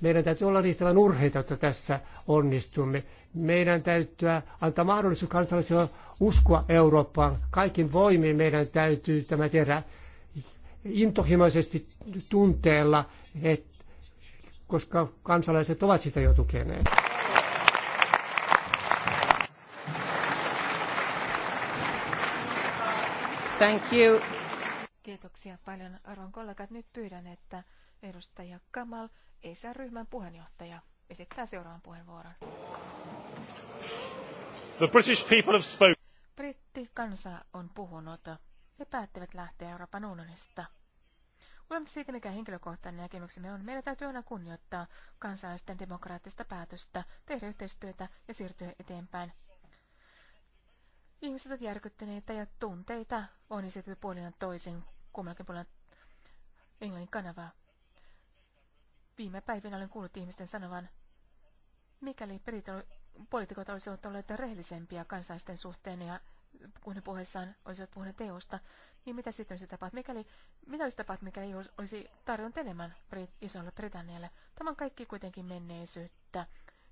Meidän täytyy olla riittävän urheita, että tässä onnistumme. Meidän täytyy antaa mahdollisuus kansallisella uskoa Eurooppaan. Kaikin voimin meidän täytyy tämä tehdä intohimoisesti tunteella, että koska kansalaiset ovat sitä jo tukeneet. Thank you. Kiitoksia paljon arvon kollegat. Nyt pyydän, että edustaja Kamal, ESR-ryhmän puheenjohtaja, esittää seuraavan puheenvuoron. The British people have spoken. Britti kansa on puhunut. He päättivät lähteä Euroopan unionista. Olemme siitä, mikä henkilökohtainen näkemyksemme on. Meidän täytyy aina kunnioittaa kansalaisten demokraattista päätöstä, tehdä yhteistyötä ja siirtyä eteenpäin. Ihmiset ovat järkyttyneitä ja tunteita on esitetty puolina toisin kummallakin puolella Englannin kanavaa. Viime päivinä olen kuullut ihmisten sanovan, mikäli poliitikot olisivat olleet rehellisempiä kansalaisten suhteen ja kun he puheessaan olisivat puhuneet teosta, niin mitä sitten olisi tapahtunut, mikäli, mitä olisi tapahtunut, mikäli EU olisi tarjonnut enemmän Brit- Isolle Britannialle? Tämä on kaikki kuitenkin menneisyyttä.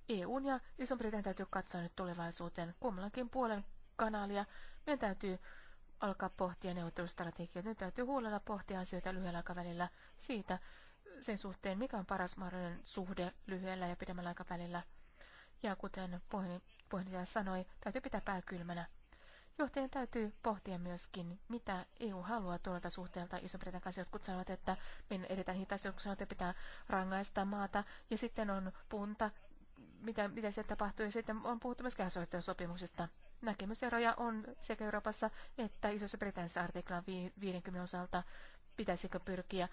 EU ja Ison-Britannian täytyy katsoa nyt tulevaisuuteen kummallakin puolen kanalia. Meidän täytyy alkaa pohtia neuvottelustrategiaa. Nyt täytyy huolella pohtia asioita lyhyellä aikavälillä siitä, sen suhteen, mikä on paras mahdollinen suhde lyhyellä ja pidemmällä aikavälillä. Ja kuten puheenjohtaja sanoi, täytyy pitää pää kylmänä Johtajan täytyy pohtia myöskin, mitä EU haluaa tuolta suhteelta. Iso-Britannian kanssa jotkut sanovat, että mennä edetään hitaasti, jotkut sanovat, että pitää rangaista maata. Ja sitten on punta, mitä, mitä siellä tapahtuu. Ja sitten on puhuttu myös sopimuksesta. Näkemyseroja on sekä Euroopassa että Isossa britannian artiklan 50 osalta. Pitäisikö pyrkiä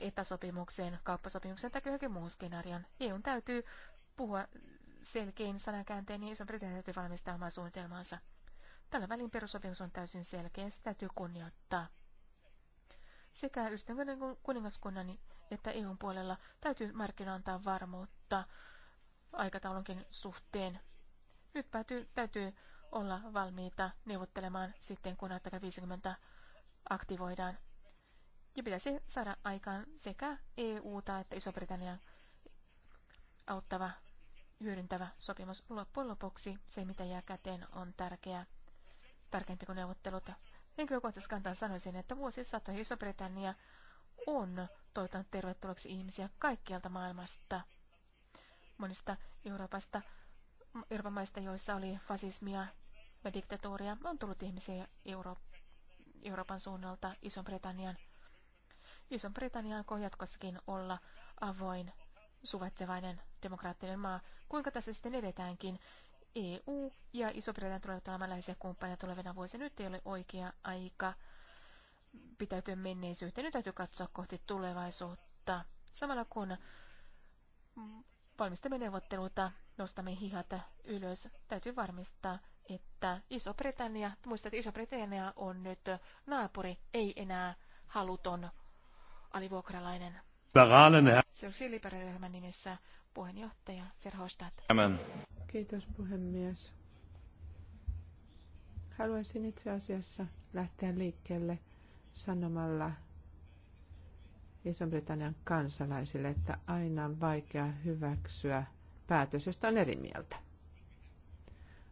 etäsopimukseen, kauppasopimukseen tai johonkin muun skenaarion. EUn täytyy puhua selkein sanakäänteen, niin Iso-Britannia täytyy valmistaa omaa suunnitelmaansa. Tällä välin perusopimus on täysin selkeä ja sitä täytyy kunnioittaa. Sekä yhdistyneen kuningaskunnan että EUn puolella täytyy markkinoilla antaa varmuutta aikataulunkin suhteen. Nyt päätyy, täytyy olla valmiita neuvottelemaan sitten, kun artikla 50 aktivoidaan. Ja pitäisi saada aikaan sekä EUta että Iso-Britannian auttava, hyödyntävä sopimus. Loppujen lopuksi se, mitä jää käteen, on tärkeää tärkeämpi kuin neuvottelut. Henkilökohtaisesti kantaan sanoisin, että vuosisatoja Iso-Britannia on toivottanut tervetulleeksi ihmisiä kaikkialta maailmasta, monista Euroopasta, Euroopan maista, joissa oli fasismia ja diktatuuria, on tullut ihmisiä Euro- Euroopan suunnalta Iso-Britannian. Iso-Britannia alkoi jatkossakin olla avoin, suvaitsevainen, demokraattinen maa. Kuinka tässä sitten edetäänkin? EU ja Iso-Britannia tulevat olemaan läheisiä kumppaneja tulevina vuosina. Nyt ei ole oikea aika pitäytyä menneisyyteen. Nyt täytyy katsoa kohti tulevaisuutta. Samalla kun valmistamme neuvotteluita, nostamme hihat ylös, täytyy varmistaa, että Iso-Britannia, muistat, että Iso-Britannia on nyt naapuri, ei enää haluton alivuokralainen. Se on liberaalinen nimessä puheenjohtaja Verhofstadt. Kiitos puhemies. Haluaisin itse asiassa lähteä liikkeelle sanomalla Iso-Britannian kansalaisille, että aina on vaikea hyväksyä päätös, josta on eri mieltä.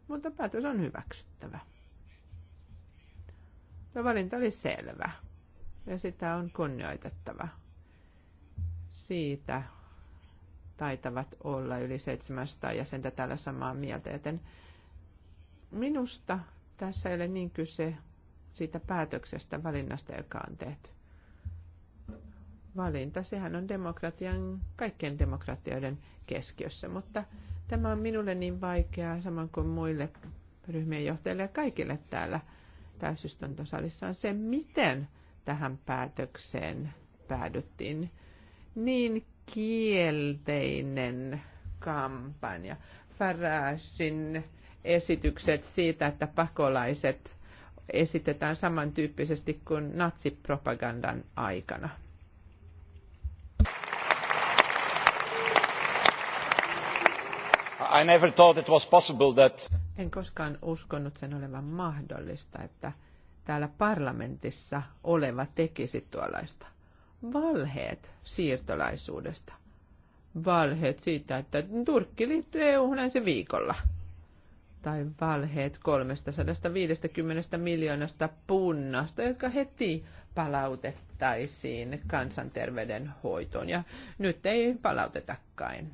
Mutta päätös on hyväksyttävä. Tuo valinta oli selvä ja sitä on kunnioitettava. Siitä taitavat olla yli 700 jäsentä täällä samaa mieltä, joten minusta tässä ei ole niin kyse siitä päätöksestä, valinnasta, joka on tehty. Valinta, sehän on demokratian, kaikkien demokratioiden keskiössä, mutta tämä on minulle niin vaikeaa, saman kuin muille ryhmien johtajille ja kaikille täällä täysistuntosalissa, on se, miten tähän päätökseen päädyttiin. Niin kielteinen kampanja. Faragein esitykset siitä, että pakolaiset esitetään samantyyppisesti kuin natsipropagandan aikana. I never thought it was possible that... En koskaan uskonut sen olevan mahdollista, että täällä parlamentissa oleva tekisi tuollaista valheet siirtolaisuudesta. Valheet siitä, että Turkki liittyy EU-hun ensi viikolla. Tai valheet 350 miljoonasta punnasta, jotka heti palautettaisiin hoitoon. Ja nyt ei palautetakaan.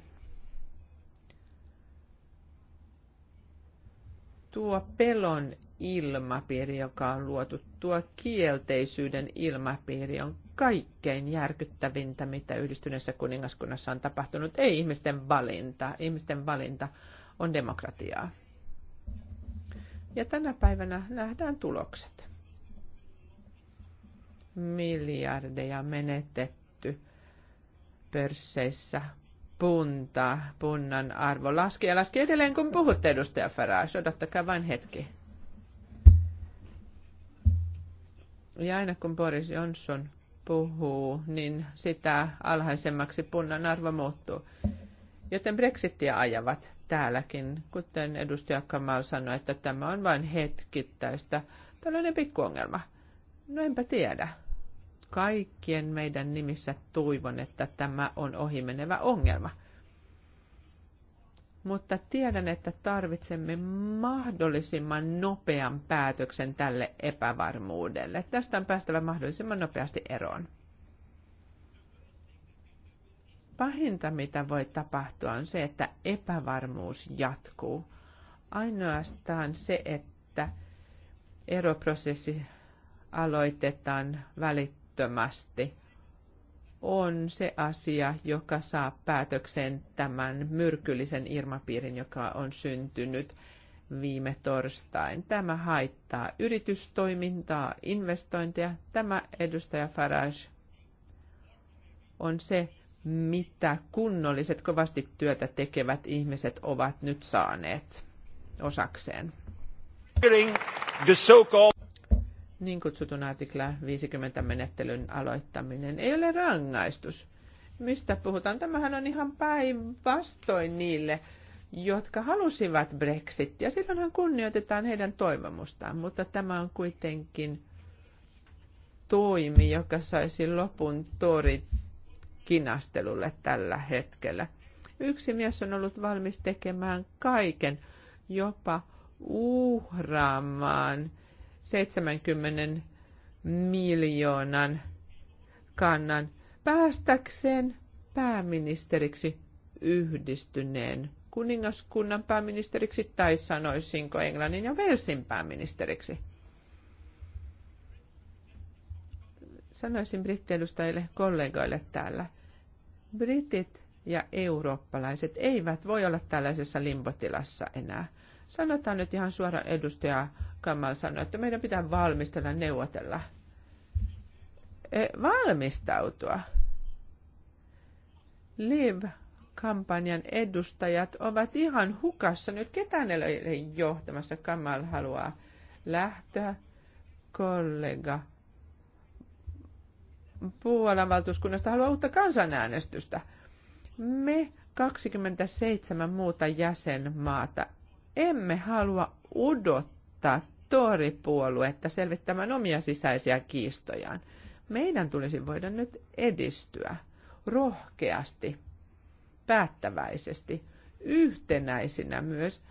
tuo pelon ilmapiiri, joka on luotu, tuo kielteisyyden ilmapiiri on kaikkein järkyttävintä, mitä yhdistyneessä kuningaskunnassa on tapahtunut. Ei ihmisten valinta. Ihmisten valinta on demokratiaa. Ja tänä päivänä nähdään tulokset. Miljardeja menetetty pörsseissä. Punta, punnan arvo laski ja laski edelleen, kun puhutte edustaja Farage. Odottakaa vain hetki. Ja aina kun Boris Johnson puhuu, niin sitä alhaisemmaksi punnan arvo muuttuu. Joten Brexittiä ajavat täälläkin, kuten edustaja Kamal sanoi, että tämä on vain hetkittäistä, tällainen pikkuongelma. No enpä tiedä. Kaikkien meidän nimissä toivon, että tämä on ohimenevä ongelma – mutta tiedän, että tarvitsemme mahdollisimman nopean päätöksen tälle epävarmuudelle. Tästä on päästävä mahdollisimman nopeasti eroon. Pahinta, mitä voi tapahtua, on se, että epävarmuus jatkuu. Ainoastaan se, että eroprosessi aloitetaan välittömästi – on se asia, joka saa päätöksen tämän myrkyllisen ilmapiirin, joka on syntynyt viime torstain. Tämä haittaa yritystoimintaa, investointeja. Tämä edustaja Farage on se, mitä kunnolliset kovasti työtä tekevät ihmiset ovat nyt saaneet osakseen niin kutsutun artikla 50 menettelyn aloittaminen ei ole rangaistus. Mistä puhutaan? Tämähän on ihan päinvastoin niille, jotka halusivat Brexitia. Silloinhan kunnioitetaan heidän toivomustaan, mutta tämä on kuitenkin toimi, joka saisi lopun tori kinastelulle tällä hetkellä. Yksi mies on ollut valmis tekemään kaiken, jopa uhraamaan 70 miljoonan kannan päästäkseen pääministeriksi yhdistyneen kuningaskunnan pääministeriksi tai sanoisinko Englannin ja Velsin pääministeriksi. Sanoisin brittiedustajille kollegoille täällä, britit ja eurooppalaiset eivät voi olla tällaisessa limbotilassa enää. Sanotaan nyt ihan suoraan edustaja Kamal sanoi, että meidän pitää valmistella, neuvotella, e, valmistautua. Live-kampanjan edustajat ovat ihan hukassa nyt. Ketään ei ole johtamassa. Kamal haluaa lähteä. Kollega Puolan valtuuskunnasta haluaa uutta kansanäänestystä. Me 27 muuta jäsenmaata emme halua odottaa Tori-puoluetta selvittämään omia sisäisiä kiistojaan. Meidän tulisi voida nyt edistyä rohkeasti, päättäväisesti, yhtenäisinä myös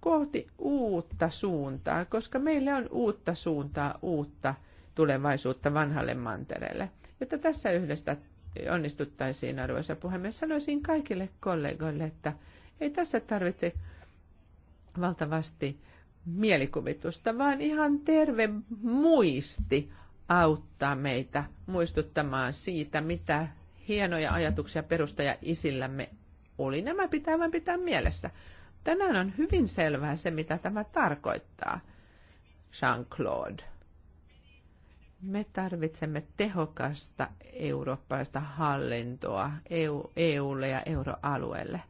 kohti uutta suuntaa, koska meillä on uutta suuntaa, uutta tulevaisuutta vanhalle mantereelle. Jotta tässä yhdestä onnistuttaisiin, arvoisa puhemies, sanoisin kaikille kollegoille, että ei tässä tarvitse valtavasti mielikuvitusta, vaan ihan terve muisti auttaa meitä muistuttamaan siitä, mitä hienoja ajatuksia perustaja isillämme oli. Nämä pitää vain pitää mielessä. Tänään on hyvin selvää se, mitä tämä tarkoittaa, Jean-Claude. Me tarvitsemme tehokasta eurooppalaista hallintoa EU, EUlle ja euroalueelle.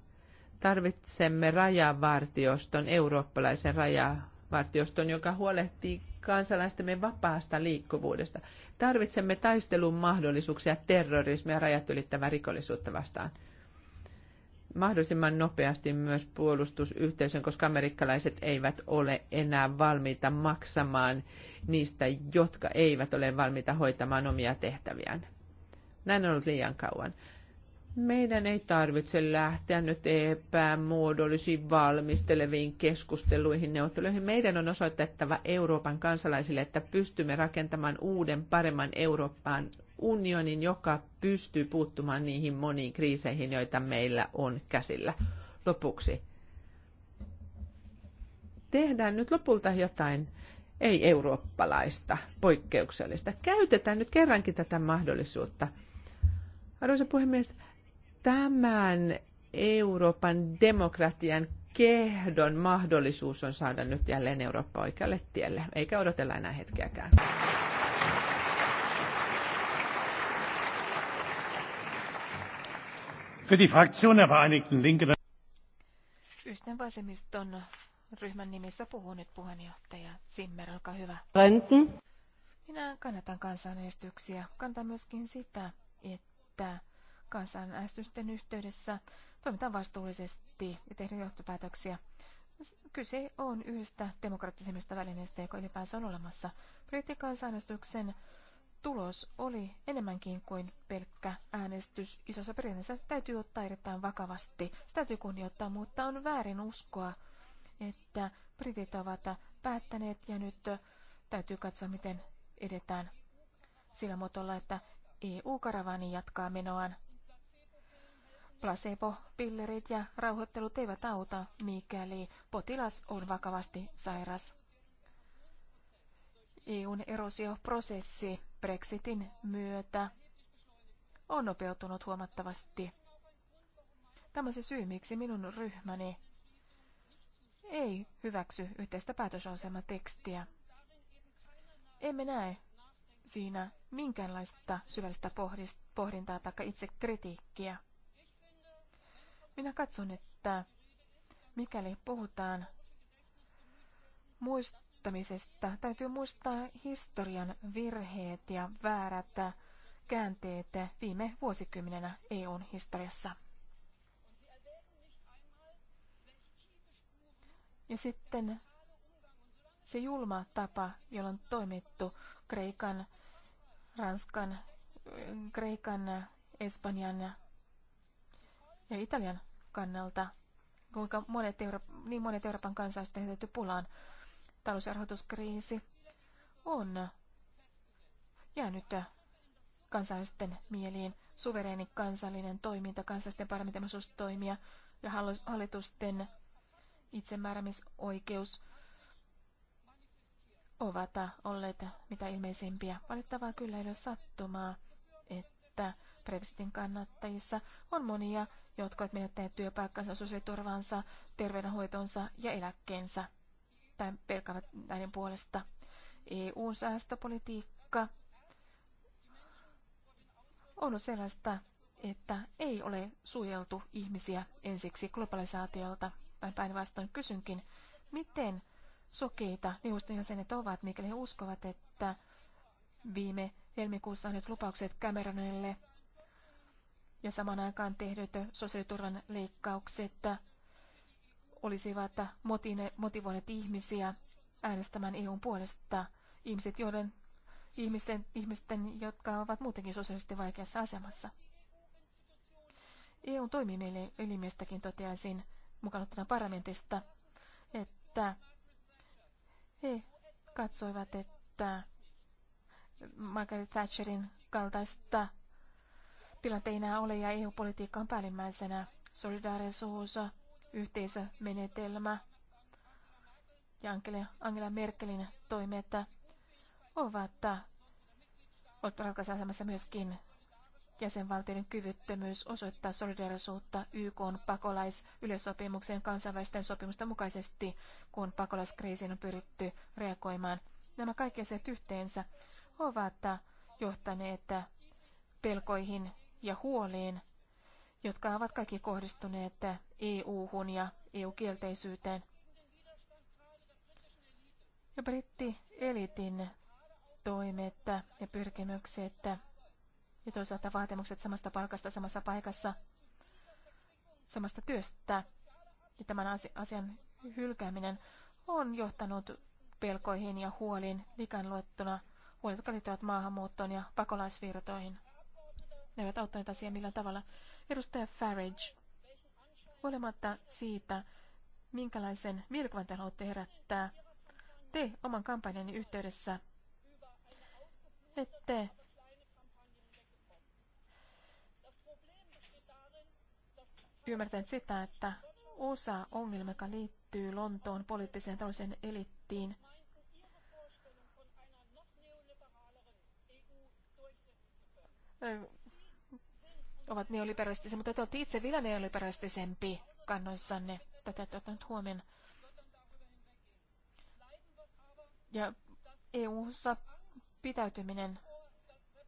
Tarvitsemme rajavartioston, eurooppalaisen rajavartioston, joka huolehtii kansalaistemme vapaasta liikkuvuudesta. Tarvitsemme taistelun mahdollisuuksia terrorismia rajat ylittävää rikollisuutta vastaan. Mahdollisimman nopeasti myös puolustusyhteisön, koska amerikkalaiset eivät ole enää valmiita maksamaan niistä, jotka eivät ole valmiita hoitamaan omia tehtäviään. Näin on ollut liian kauan. Meidän ei tarvitse lähteä nyt epämuodollisiin valmisteleviin keskusteluihin, neuvotteluihin. Meidän on osoitettava Euroopan kansalaisille, että pystymme rakentamaan uuden, paremman Euroopan unionin, joka pystyy puuttumaan niihin moniin kriiseihin, joita meillä on käsillä. Lopuksi. Tehdään nyt lopulta jotain ei-eurooppalaista, poikkeuksellista. Käytetään nyt kerrankin tätä mahdollisuutta. Arvoisa puhemies, Tämän Euroopan demokratian kehdon mahdollisuus on saada nyt jälleen Eurooppa oikealle tielle, eikä odotella enää hetkeäkään. Für die Fraktion der Vereinigten Linken. Yhten vasemmiston ryhmän nimissä puhuu nyt puheenjohtaja Zimmer, olkaa hyvä. Renten. Minä kannatan kansanäänestyksiä. Kannatan myöskin sitä, että kansanäänestysten yhteydessä toimitaan vastuullisesti ja tehdään johtopäätöksiä. Kyse on yhdestä demokraattisimmista välineistä, joka ylipäänsä on olemassa. Brittikansanäänestyksen tulos oli enemmänkin kuin pelkkä äänestys. Isossa perinnässä täytyy ottaa erittäin vakavasti. Sitä täytyy kunnioittaa, mutta on väärin uskoa, että britit ovat päättäneet ja nyt täytyy katsoa, miten edetään sillä muotolla, että EU-karavani jatkaa menoaan Placebo-pillerit ja rauhoittelut eivät auta, mikäli potilas on vakavasti sairas. EUn erosioprosessi Brexitin myötä on nopeutunut huomattavasti. Tämä on se syy, miksi minun ryhmäni ei hyväksy yhteistä päätösasematekstiä. Emme näe siinä minkäänlaista syvällistä pohdintaa tai itse kritiikkiä. Minä katson, että mikäli puhutaan muistamisesta, täytyy muistaa historian virheet ja väärät käänteet viime vuosikymmenenä EUn historiassa. Ja sitten se julma tapa, jolla on toimittu Kreikan, Ranskan, Kreikan, Espanjan ja Italian kannalta, kuinka monet Euro- niin monet Euroopan kansalaiset on heitetty pulaan. Talous- ja rahoituskriisi on jäänyt kansalaisten mieliin. Suvereeni kansallinen toiminta, kansalaisten parlamentimaisuus toimia ja hallitusten itsemääräämisoikeus ovat olleet mitä ilmeisimpiä. Valittavaa kyllä ei ole sattumaa, että Brexitin kannattajissa on monia jotka ovat menettäneet työpaikkansa, sosiaaliturvansa, terveydenhoitonsa ja eläkkeensä tai pelkäävät näiden puolesta. EUn säästöpolitiikka on ollut sellaista, että ei ole suojeltu ihmisiä ensiksi globalisaatiolta, päinvastoin kysynkin, miten sokeita neuvoston jäsenet ovat, mikäli he uskovat, että viime helmikuussa nyt lupaukset Cameronille – ja saman aikaan tehdyt sosiaaliturvan leikkaukset olisivat motivoineet ihmisiä äänestämään EUn puolesta. Ihmiset, joiden, ihmisten, ihmisten, jotka ovat muutenkin sosiaalisesti vaikeassa asemassa. EUn toimielimistäkin toteaisin mukaan parlamentista, että he katsoivat, että Margaret Thatcherin kaltaista Tilante ei enää ole ja EU-politiikka on päällimmäisenä. Solidaarisuus, yhteisömenetelmä ja Angela Merkelin toimet ovat olleet ratkaisessa myöskin jäsenvaltioiden kyvyttömyys osoittaa solidaarisuutta YK on pakolaisyleissopimuksen kansainvälisten sopimusten mukaisesti, kun pakolaiskriisiin on pyritty reagoimaan. Nämä kaikki asiat yhteensä ovat johtaneet pelkoihin ja huoliin, jotka ovat kaikki kohdistuneet EU-hun ja EU-kielteisyyteen. Ja britti-elitin toimet ja pyrkimykset ja toisaalta vaatimukset samasta palkasta samassa paikassa, samasta työstä ja tämän asian hylkääminen on johtanut pelkoihin ja huoliin likan luettuna huolet, jotka liittyvät maahanmuuttoon ja pakolaisvirtoihin. Ne eivät auttaneet asiaa millään tavalla. Edustaja Farage, huolimatta siitä, minkälaisen mielikuvan te haluatte herättää, te oman kampanjani yhteydessä ette ymmärtäneet sitä, että osa ongelma, joka liittyy Lontoon poliittiseen taloudelliseen elittiin, ovat neoliberalistisia, mutta te olette itse vielä neoliberalistisempi kannoissanne. Tätä te ottanut huomioon. Ja EU-ssa pitäytyminen,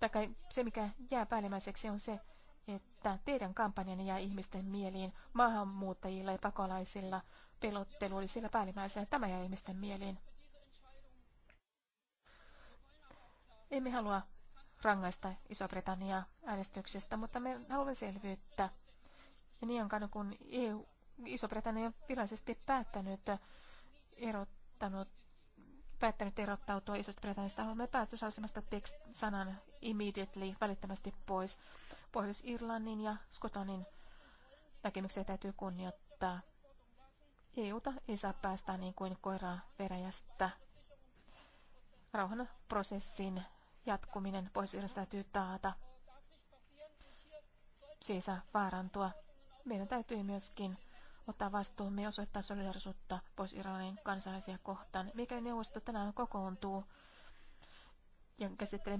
tai se mikä jää päällimmäiseksi on se, että teidän kampanjanne jää ihmisten mieliin maahanmuuttajilla ja pakolaisilla pelottelu oli siellä päällimmäisenä. Tämä jää ihmisten mieliin. Emme halua rangaista Iso-Britanniaa äänestyksestä, mutta me haluamme selvyyttä. Ja niin on kun EU, Iso-Britannia on virallisesti päättänyt, erottanut, päättänyt erottautua Iso-Britanniasta, haluamme päätösasemasta tekst, sanan immediately välittömästi pois. Pohjois-Irlannin ja Skotlannin näkemyksiä täytyy kunnioittaa. EUta ei saa päästä niin kuin koiraa veräjästä. Rauhan prosessin jatkuminen pois yhdessä täytyy taata. Se ei saa vaarantua. Meidän täytyy myöskin ottaa vastuumme ja osoittaa solidarisuutta pois Iranin kansalaisia kohtaan. Mikäli neuvosto tänään kokoontuu ja käsittelee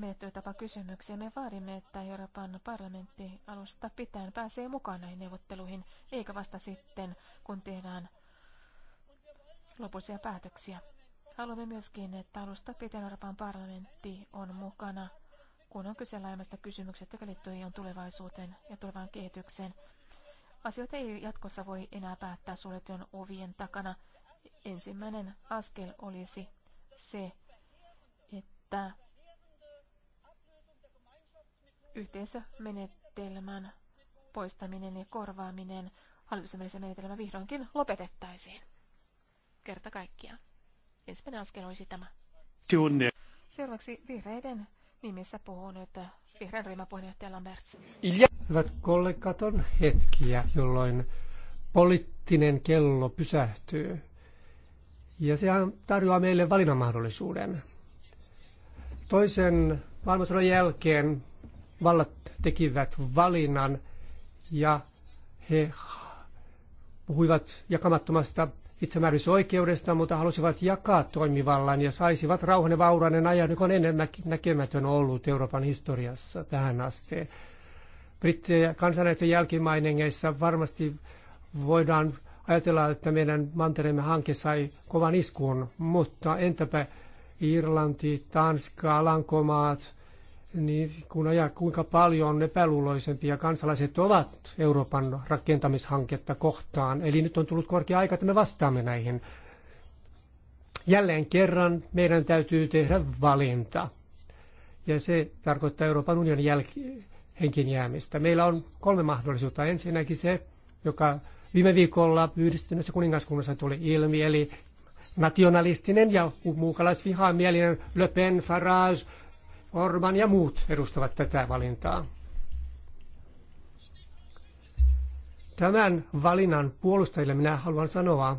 kysymyksiä, me vaadimme, että Euroopan parlamentti alusta pitäen pääsee mukaan näihin neuvotteluihin, eikä vasta sitten, kun tehdään lopullisia päätöksiä. Haluamme myöskin, että alusta pitäen Euroopan parlamentti on mukana, kun on kyse laajemmasta kysymyksestä, joka liittyy EUn tulevaisuuteen ja tulevaan kehitykseen. Asioita ei jatkossa voi enää päättää suljetun ovien takana. Ensimmäinen askel olisi se, että yhteisömenetelmän poistaminen ja korvaaminen hallitusmielisen menetelmä vihdoinkin lopetettaisiin kerta kaikkiaan. Ensimmäinen askel olisi tämä. Tunne. Seuraavaksi vihreiden nimissä puhuu nyt vihreän ryhmäpuheenjohtaja Lamberts. Hyvät kollegat, on hetkiä, jolloin poliittinen kello pysähtyy. Ja sehän tarjoaa meille valinnanmahdollisuuden. Toisen maailmansodan jälkeen vallat tekivät valinnan ja he puhuivat jakamattomasta itsemääräämisoikeudesta, mutta halusivat jakaa toimivallan ja saisivat rauhan ja vaurainen ajan, joka on ennen näkemätön ollut Euroopan historiassa tähän asti. Brittien kansanäytön jälkimainingeissa varmasti voidaan ajatella, että meidän mantereemme hanke sai kovan iskun, mutta entäpä Irlanti, Tanska, Alankomaat, niin kun ajaa kuinka paljon epäluuloisempia kansalaiset ovat Euroopan rakentamishanketta kohtaan. Eli nyt on tullut korkea aika, että me vastaamme näihin. Jälleen kerran meidän täytyy tehdä valinta. Ja se tarkoittaa Euroopan unionin jälkihenkin jäämistä. Meillä on kolme mahdollisuutta. Ensinnäkin se, joka viime viikolla yhdistyneessä kuningaskunnassa tuli ilmi, eli nationalistinen ja muukalaisvihaamielinen Le Pen, Farage, Orban ja muut edustavat tätä valintaa. Tämän valinnan puolustajille minä haluan sanoa,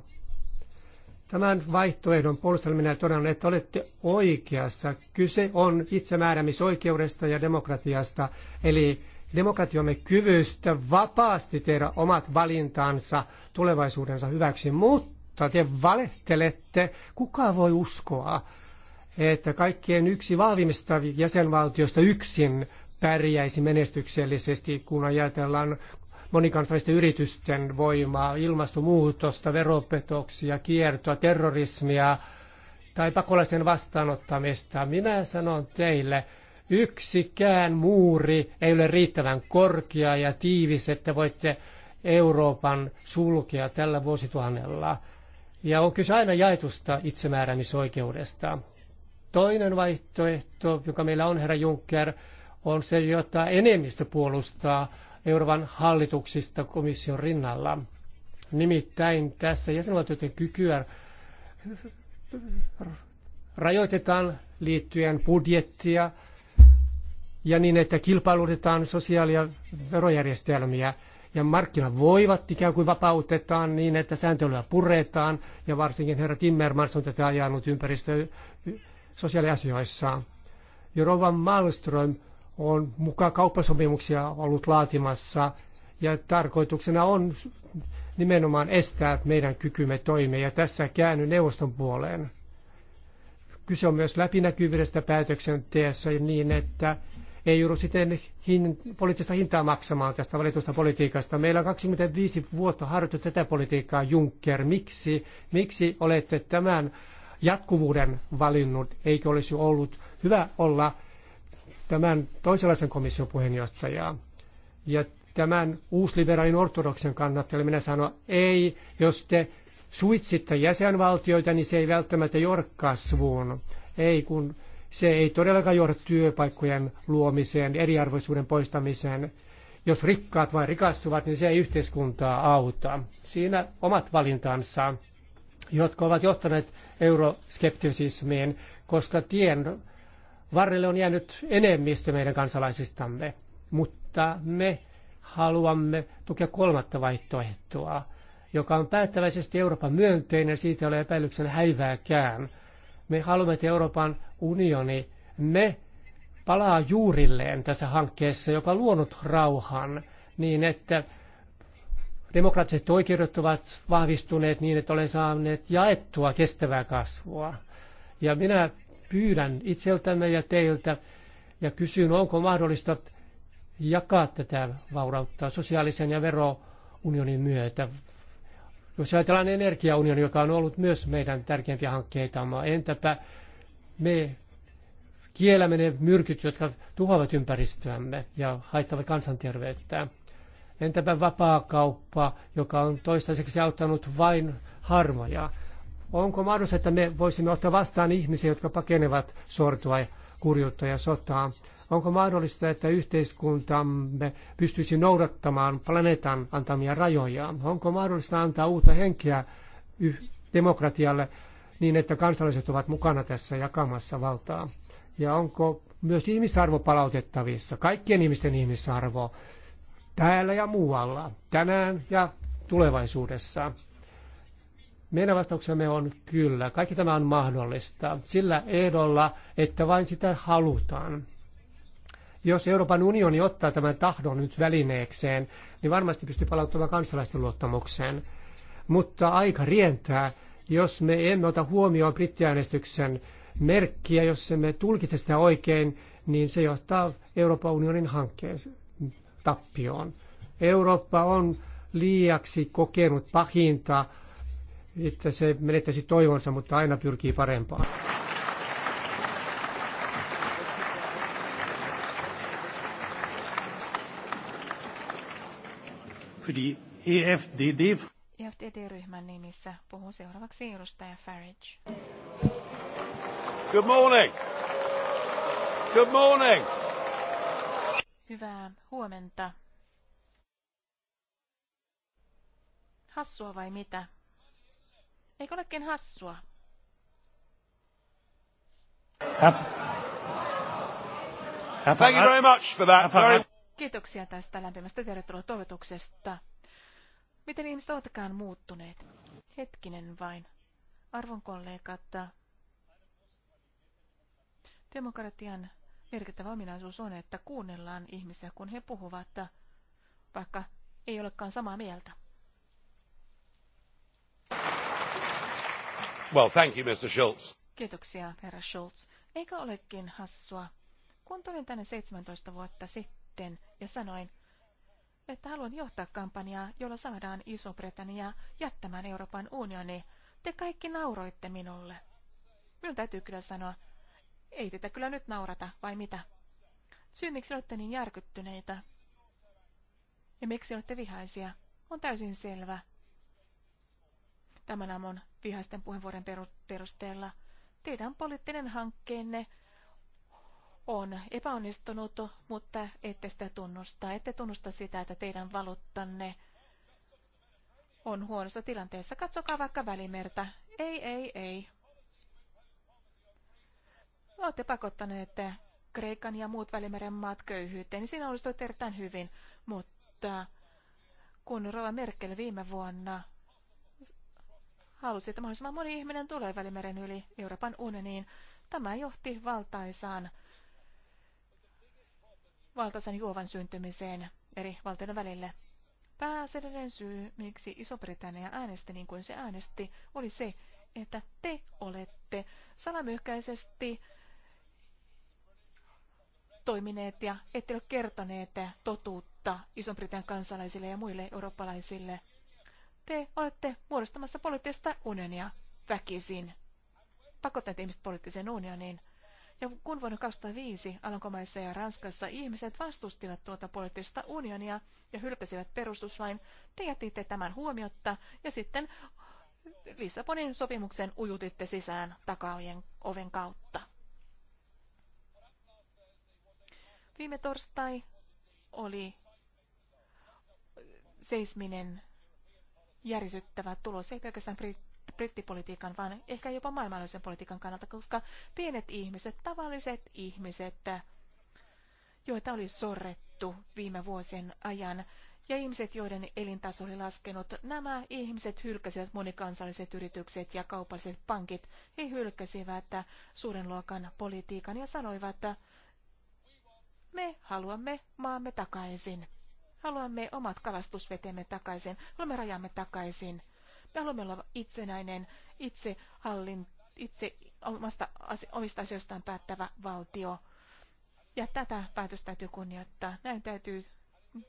tämän vaihtoehdon puolustajille minä todennan, että olette oikeassa. Kyse on itsemääräämisoikeudesta ja demokratiasta, eli demokratiomme kyvystä vapaasti tehdä omat valintansa tulevaisuudensa hyväksi, mutta te valehtelette, kuka voi uskoa että kaikkien yksi vahvimmista jäsenvaltioista yksin pärjäisi menestyksellisesti, kun ajatellaan monikansallisten yritysten voimaa, ilmastonmuutosta, veropetoksia, kiertoa, terrorismia tai pakolaisen vastaanottamista. Minä sanon teille, yksikään muuri ei ole riittävän korkea ja tiivis, että voitte Euroopan sulkea tällä vuosituhannella. Ja on kyse aina jaetusta itsemääräämisoikeudesta. Toinen vaihtoehto, joka meillä on, herra Juncker, on se, jota enemmistö puolustaa Euroopan hallituksista komission rinnalla. Nimittäin tässä jäsenvaltioiden kykyä rajoitetaan liittyen budjettia ja niin, että kilpailutetaan sosiaali- ja verojärjestelmiä ja voivat ikään kuin vapautetaan niin, että sääntelyä puretaan ja varsinkin herra Timmermans on tätä ajanut ympäristö- sosiaaliasioissa. Jorova Malmström on mukaan kauppasopimuksia ollut laatimassa ja tarkoituksena on nimenomaan estää meidän kykymme toimia ja tässä käänny neuvoston puoleen. Kyse on myös läpinäkyvyydestä päätöksenteessä niin, että ei joudu siten hin, poliittista hintaa maksamaan tästä valitusta politiikasta. Meillä on 25 vuotta harjoitettu tätä politiikkaa, Juncker. Miksi, miksi olette tämän jatkuvuuden valinnut, eikö olisi ollut hyvä olla tämän toisenlaisen komission puheenjohtajaa. Ja tämän uusliberaalin ortodoksen kannattajalle minä sanon ei, jos te suitsitte jäsenvaltioita, niin se ei välttämättä johda kasvuun. Ei, kun se ei todellakaan johda työpaikkojen luomiseen, eriarvoisuuden poistamiseen. Jos rikkaat vain rikastuvat, niin se ei yhteiskuntaa auta. Siinä omat valintansa jotka ovat johtaneet euroskeptisismiin, koska tien varrelle on jäänyt enemmistö meidän kansalaisistamme. Mutta me haluamme tukea kolmatta vaihtoehtoa, joka on päättäväisesti Euroopan myönteinen, siitä ei ole epäilyksen häivääkään. Me haluamme, että Euroopan unioni, me palaa juurilleen tässä hankkeessa, joka on luonut rauhan, niin että Demokraattiset oikeudet ovat vahvistuneet niin, että olen saaneet jaettua kestävää kasvua. Ja minä pyydän itseltämme ja teiltä ja kysyn, onko mahdollista jakaa tätä vaurautta sosiaalisen ja verounionin myötä. Jos ajatellaan energiaunioni, joka on ollut myös meidän tärkeimpiä hankkeitamme, entäpä me kiellämme ne myrkyt, jotka tuhoavat ympäristöämme ja haittavat kansanterveyttä. Entäpä vapaakauppa, joka on toistaiseksi auttanut vain harmoja? Onko mahdollista, että me voisimme ottaa vastaan ihmisiä, jotka pakenevat sortoa, kurjuutta ja sotaa? Onko mahdollista, että yhteiskuntamme pystyisi noudattamaan planeetan antamia rajoja? Onko mahdollista antaa uutta henkeä demokratialle niin, että kansalaiset ovat mukana tässä jakamassa valtaa? Ja onko myös ihmisarvo palautettavissa, kaikkien ihmisten ihmisarvo, täällä ja muualla, tänään ja tulevaisuudessa? Meidän vastauksemme on kyllä. Kaikki tämä on mahdollista sillä ehdolla, että vain sitä halutaan. Jos Euroopan unioni ottaa tämän tahdon nyt välineekseen, niin varmasti pystyy palauttamaan kansalaisten luottamukseen. Mutta aika rientää, jos me emme ota huomioon brittiäänestyksen merkkiä, jos emme tulkitse sitä oikein, niin se johtaa Euroopan unionin hankkeeseen tappioon. Eurooppa on liiaksi kokenut pahinta, että se menettäisi toivonsa, mutta aina pyrkii parempaan. EFDD. E e ryhmän nimissä puhuu seuraavaksi edustaja Farage. Good morning. Good morning. Hyvää huomenta. Hassua vai mitä? Eikö olekin hassua? Thank you very much for that. Very... Kiitoksia tästä lämpimästä tervetuloa toivotuksesta. Miten ihmiset ovatkaan muuttuneet? Hetkinen vain. Arvon kollegat, demokratian merkittävä ominaisuus on, että kuunnellaan ihmisiä, kun he puhuvat, vaikka ei olekaan samaa mieltä. Well, thank you, Mr. Schultz. Kiitoksia, herra Schultz. Eikö olekin hassua? Kun tulin tänne 17 vuotta sitten ja sanoin, että haluan johtaa kampanjaa, jolla saadaan Iso-Britannia jättämään Euroopan unioni, te kaikki nauroitte minulle. Minun täytyy kyllä sanoa, ei teitä kyllä nyt naurata, vai mitä? Syy, miksi olette niin järkyttyneitä ja miksi olette vihaisia, on täysin selvä. Tämän aamun vihaisten puheenvuoron perusteella teidän poliittinen hankkeenne on epäonnistunut, mutta ette sitä tunnusta. Ette tunnusta sitä, että teidän valuuttanne on huonossa tilanteessa. Katsokaa vaikka välimertä. Ei, ei, ei olette pakottaneet Kreikan ja muut Välimeren maat köyhyyteen, niin siinä olisi erittäin hyvin. Mutta kun Rova Merkel viime vuonna halusi, että mahdollisimman moni ihminen tulee Välimeren yli Euroopan unioniin, tämä johti valtaisaan valtaisen juovan syntymiseen eri valtioiden välille. Pääasiallinen syy, miksi Iso-Britannia äänesti niin kuin se äänesti, oli se, että te olette salamyhkäisesti toimineet ja ette ole kertoneet totuutta iso britannian kansalaisille ja muille eurooppalaisille. Te olette muodostamassa poliittista unionia väkisin. Pakottaneet ihmiset poliittiseen unioniin. Ja kun vuonna 2005 Alankomaissa ja Ranskassa ihmiset vastustivat tuota poliittista unionia ja hylkäsivät perustuslain, te jätitte tämän huomiotta ja sitten Lissabonin sopimuksen ujutitte sisään takaojen oven kautta. Viime torstai oli seisminen järisyttävä tulos, ei pelkästään brittipolitiikan, vaan ehkä jopa maailmanlaisen politiikan kannalta, koska pienet ihmiset, tavalliset ihmiset, joita oli sorrettu viime vuosien ajan, ja ihmiset, joiden elintaso oli laskenut, nämä ihmiset hylkäsivät monikansalliset yritykset ja kaupalliset pankit. He hylkäsivät suuren luokan politiikan ja sanoivat, että me haluamme maamme takaisin. Haluamme omat kalastusvetemme takaisin, haluamme rajamme takaisin. Me haluamme olla itsenäinen, itse hallin, itse omasta, omista asioistaan päättävä valtio. Ja tätä päätöstä täytyy kunnioittaa. Näin täytyy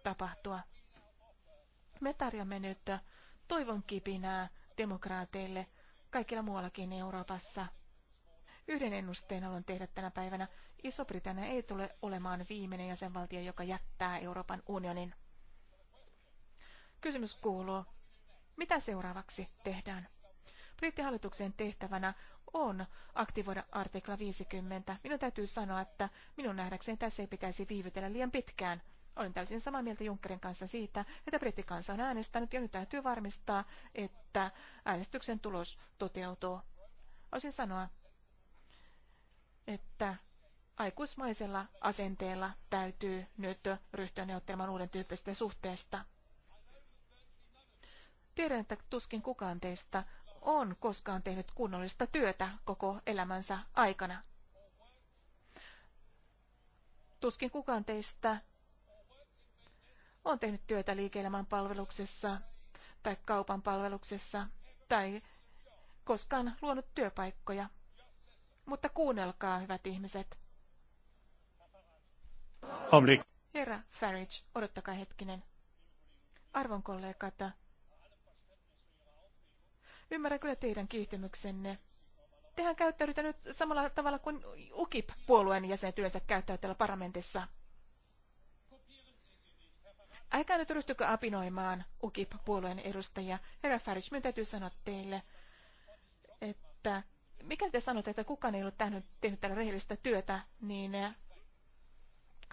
tapahtua. Me tarjoamme nyt toivon kipinää demokraateille kaikilla muuallakin Euroopassa. Yhden ennusteen haluan tehdä tänä päivänä. Iso-Britannia ei tule olemaan viimeinen jäsenvaltio, joka jättää Euroopan unionin. Kysymys kuuluu, mitä seuraavaksi tehdään? Brittihallituksen tehtävänä on aktivoida artikla 50. Minun täytyy sanoa, että minun nähdäkseni tässä ei pitäisi viivytellä liian pitkään. Olen täysin samaa mieltä Junckerin kanssa siitä, että brittikansa on äänestänyt ja nyt täytyy varmistaa, että äänestyksen tulos toteutuu. Olisin sanoa, että aikuismaisella asenteella täytyy nyt ryhtyä neuvottelemaan uuden tyyppisestä suhteesta. Tiedän, että tuskin kukaan teistä on koskaan tehnyt kunnollista työtä koko elämänsä aikana. Tuskin kukaan teistä on tehnyt työtä liike-elämän palveluksessa tai kaupan palveluksessa tai koskaan luonut työpaikkoja. Mutta kuunnelkaa, hyvät ihmiset. Omri. Herra Farage, odottakaa hetkinen. Arvon kollegat, ymmärrän kyllä teidän kiihtymyksenne. Tehän käyttäydytte nyt samalla tavalla kuin UKIP-puolueen jäsenet yleensä käyttävät täällä parlamentissa. Älkää nyt ryhtykö apinoimaan UKIP-puolueen edustajia. Herra Farage, minun täytyy sanoa teille, että mikä te sanotte, että kukaan ei ole tehnyt, tehnyt täällä rehellistä työtä, niin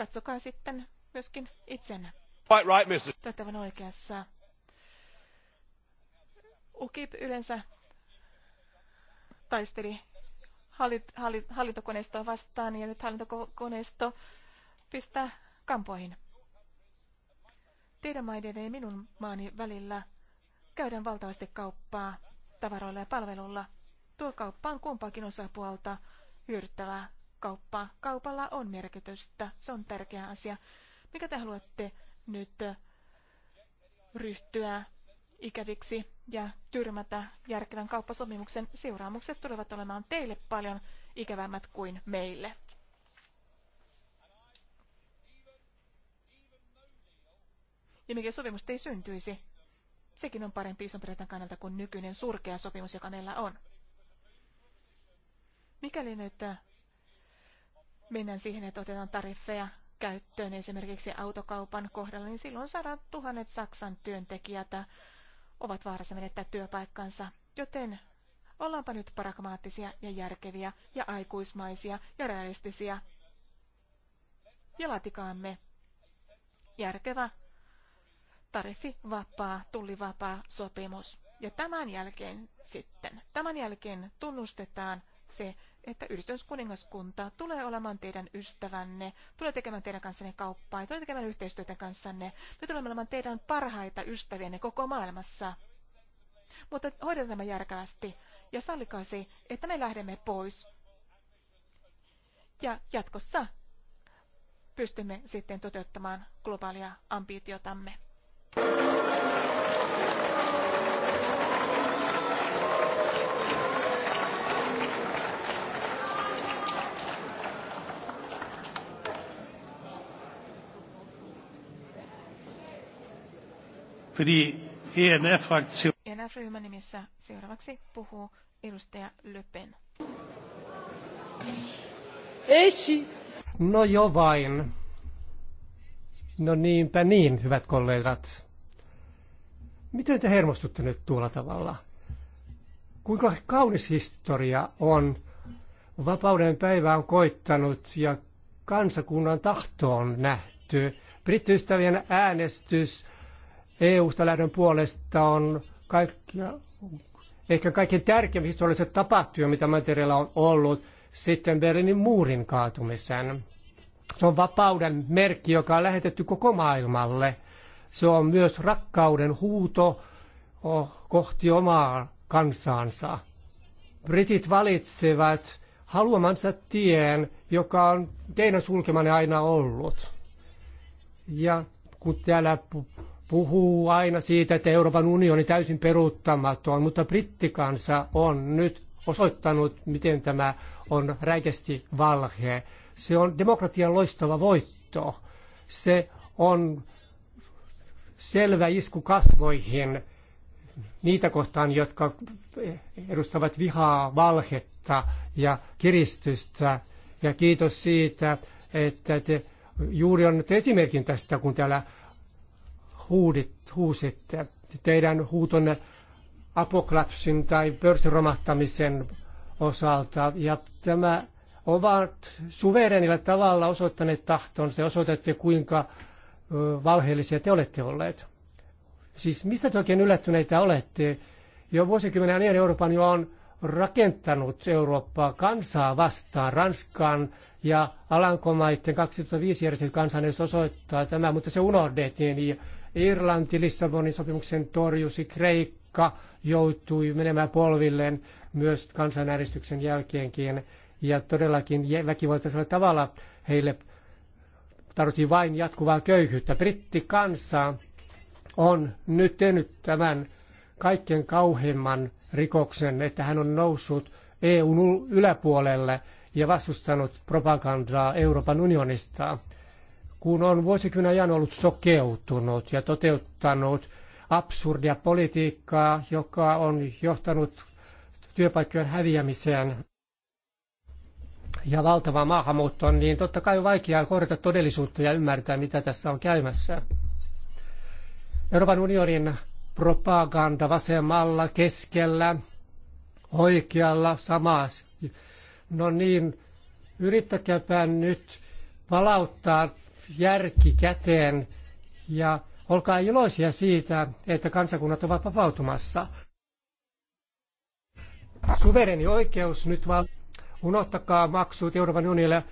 katsokaa sitten myöskin itsenä. Quite right, Mr. Tätävän oikeassa. UKIP yleensä taisteli hallit, hallit, hallintokoneistoa vastaan ja nyt hallintokoneisto pistää kampoihin. Teidän maiden ja minun maani välillä käydään valtavasti kauppaa tavaroilla ja palvelulla. Tuo kauppa on kumpaakin osapuolta hyödyttävää kauppaa. Kaupalla on merkitystä, se on tärkeä asia. Mikä te haluatte nyt ryhtyä ikäviksi ja tyrmätä järkevän kauppasopimuksen seuraamukset tulevat olemaan teille paljon ikävämmät kuin meille. Ja mikä sopimus ei syntyisi, sekin on parempi ison kannalta kuin nykyinen surkea sopimus, joka meillä on. Mikäli nyt mennään siihen, että otetaan tariffeja käyttöön esimerkiksi autokaupan kohdalla, niin silloin saadaan tuhannet Saksan työntekijät ovat vaarassa menettää työpaikkansa. Joten ollaanpa nyt pragmaattisia ja järkeviä ja aikuismaisia ja realistisia. Ja laatikaamme järkevä tariffi vapaa, tullivapaa sopimus. Ja tämän jälkeen sitten, tämän jälkeen tunnustetaan se, että yhdistyskuningaskunta tulee olemaan teidän ystävänne, tulee tekemään teidän kanssanne kauppaa ja tulee tekemään yhteistyötä kanssanne. Me tulemme olemaan teidän parhaita ystävienne koko maailmassa. Mutta hoidetaan tämä järkevästi ja sallikaa se, että me lähdemme pois. Ja jatkossa pystymme sitten toteuttamaan globaalia ambitiotamme. Für die ENF-Fraktion. ENF-ryhmän nimissä seuraavaksi puhuu edustaja Löpen. Esi. No jo vain. No niinpä niin, hyvät kollegat. Miten te hermostutte nyt tuolla tavalla? Kuinka kaunis historia on. Vapauden päivä on koittanut ja kansakunnan tahto on nähty. Brittiystävien äänestys EU-sta lähdön puolesta on kaikki, ehkä kaikkein tärkein historialliset tapahtuja, mitä Mantereella on ollut, sitten Berliinin muurin kaatumisen. Se on vapauden merkki, joka on lähetetty koko maailmalle. Se on myös rakkauden huuto kohti omaa kansaansa. Britit valitsevat haluamansa tien, joka on teidän sulkemanne aina ollut. Ja kun täällä puhuu aina siitä, että Euroopan unioni täysin peruuttamaton, mutta brittikansa on nyt osoittanut, miten tämä on räikeästi valhe. Se on demokratian loistava voitto. Se on selvä isku kasvoihin niitä kohtaan, jotka edustavat vihaa, valhetta ja kiristystä. Ja kiitos siitä, että te juuri on nyt esimerkin tästä, kun täällä huudit, huusitte. Teidän huutonne apoklapsin tai pörssin romahtamisen osalta. Ja tämä ovat suverenilla tavalla osoittaneet tahtonsa ja osoitatte, kuinka valheellisia te olette olleet. Siis mistä te oikein yllättyneitä olette? Jo vuosikymmenen ajan Euroopan jo on rakentanut Eurooppaa kansaa vastaan. Ranskan ja Alankomaiden 2005 järjestetty kansanedustus osoittaa tämä, mutta se unohdettiin. Irlanti Lissabonin sopimuksen torjusi, Kreikka joutui menemään polvilleen myös kansanäänestyksen jälkeenkin. Ja todellakin väkivaltaisella tavalla heille tarvittiin vain jatkuvaa köyhyyttä. Brittikansa on nyt tehnyt tämän kaikkein kauheimman rikoksen, että hän on noussut EUn yläpuolelle ja vastustanut propagandaa Euroopan unionista kun on vuosikymmenen ajan ollut sokeutunut ja toteuttanut absurdia politiikkaa, joka on johtanut työpaikkojen häviämiseen ja valtavaan maahanmuuttoon, niin totta kai on vaikeaa korjata todellisuutta ja ymmärtää, mitä tässä on käymässä. Euroopan unionin propaganda vasemmalla, keskellä, oikealla, samassa. No niin, yrittäkääpä nyt palauttaa järki käteen ja olkaa iloisia siitä, että kansakunnat ovat vapautumassa. Suvereni oikeus nyt vaan unohtakaa maksut Euroopan unionille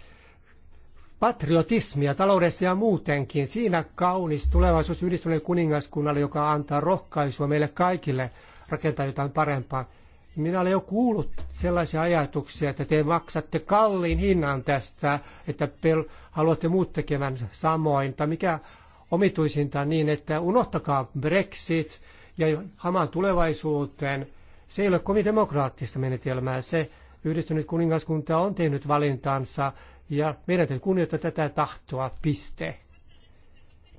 patriotismia taloudessa ja muutenkin. Siinä kaunis tulevaisuus yhdistyneelle kuningaskunnalle, joka antaa rohkaisua meille kaikille rakentaa jotain parempaa. Minä olen jo kuullut sellaisia ajatuksia, että te maksatte kalliin hinnan tästä, että pel- haluatte muut tekemään samoin, tai mikä omituisinta niin, että unohtakaa Brexit ja hamaan tulevaisuuteen. Se ei ole kovin demokraattista menetelmää. Se yhdistynyt kuningaskunta on tehnyt valintansa ja meidän täytyy kunnioittaa tätä tahtoa, piste.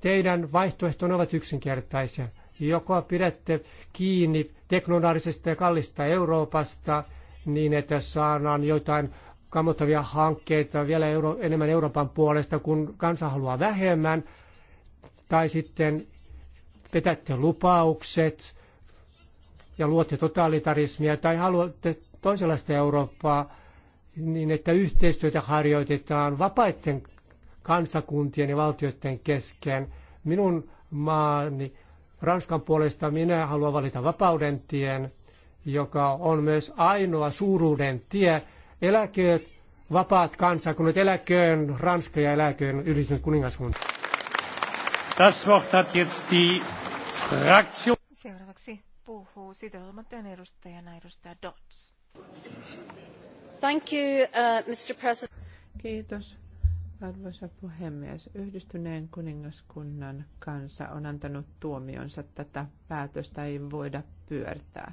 Teidän vaihtoehtonne ovat yksinkertaisia joko pidätte kiinni teknonaarisesta ja kallista Euroopasta niin, että saadaan jotain kammottavia hankkeita vielä euro, enemmän Euroopan puolesta, kun kansa haluaa vähemmän, tai sitten petätte lupaukset ja luotte totalitarismia, tai haluatte toisenlaista Eurooppaa niin, että yhteistyötä harjoitetaan vapaiden kansakuntien ja valtioiden kesken. Minun maani Ranskan puolesta minä haluan valita vapauden tien, joka on myös ainoa suuruuden tie. Eläkööt vapaat kansakunnat, eläköön Ranska ja eläköön yhdistynyt kuningaskunta. Das Wort hat jetzt die Fraktion. Seuraavaksi puhuu sitoutumaton edustajana edustaja dots. Thank you, uh, Mr. President. Kiitos Arvoisa puhemies, yhdistyneen kuningaskunnan kansa on antanut tuomionsa. Tätä päätöstä ei voida pyörtää.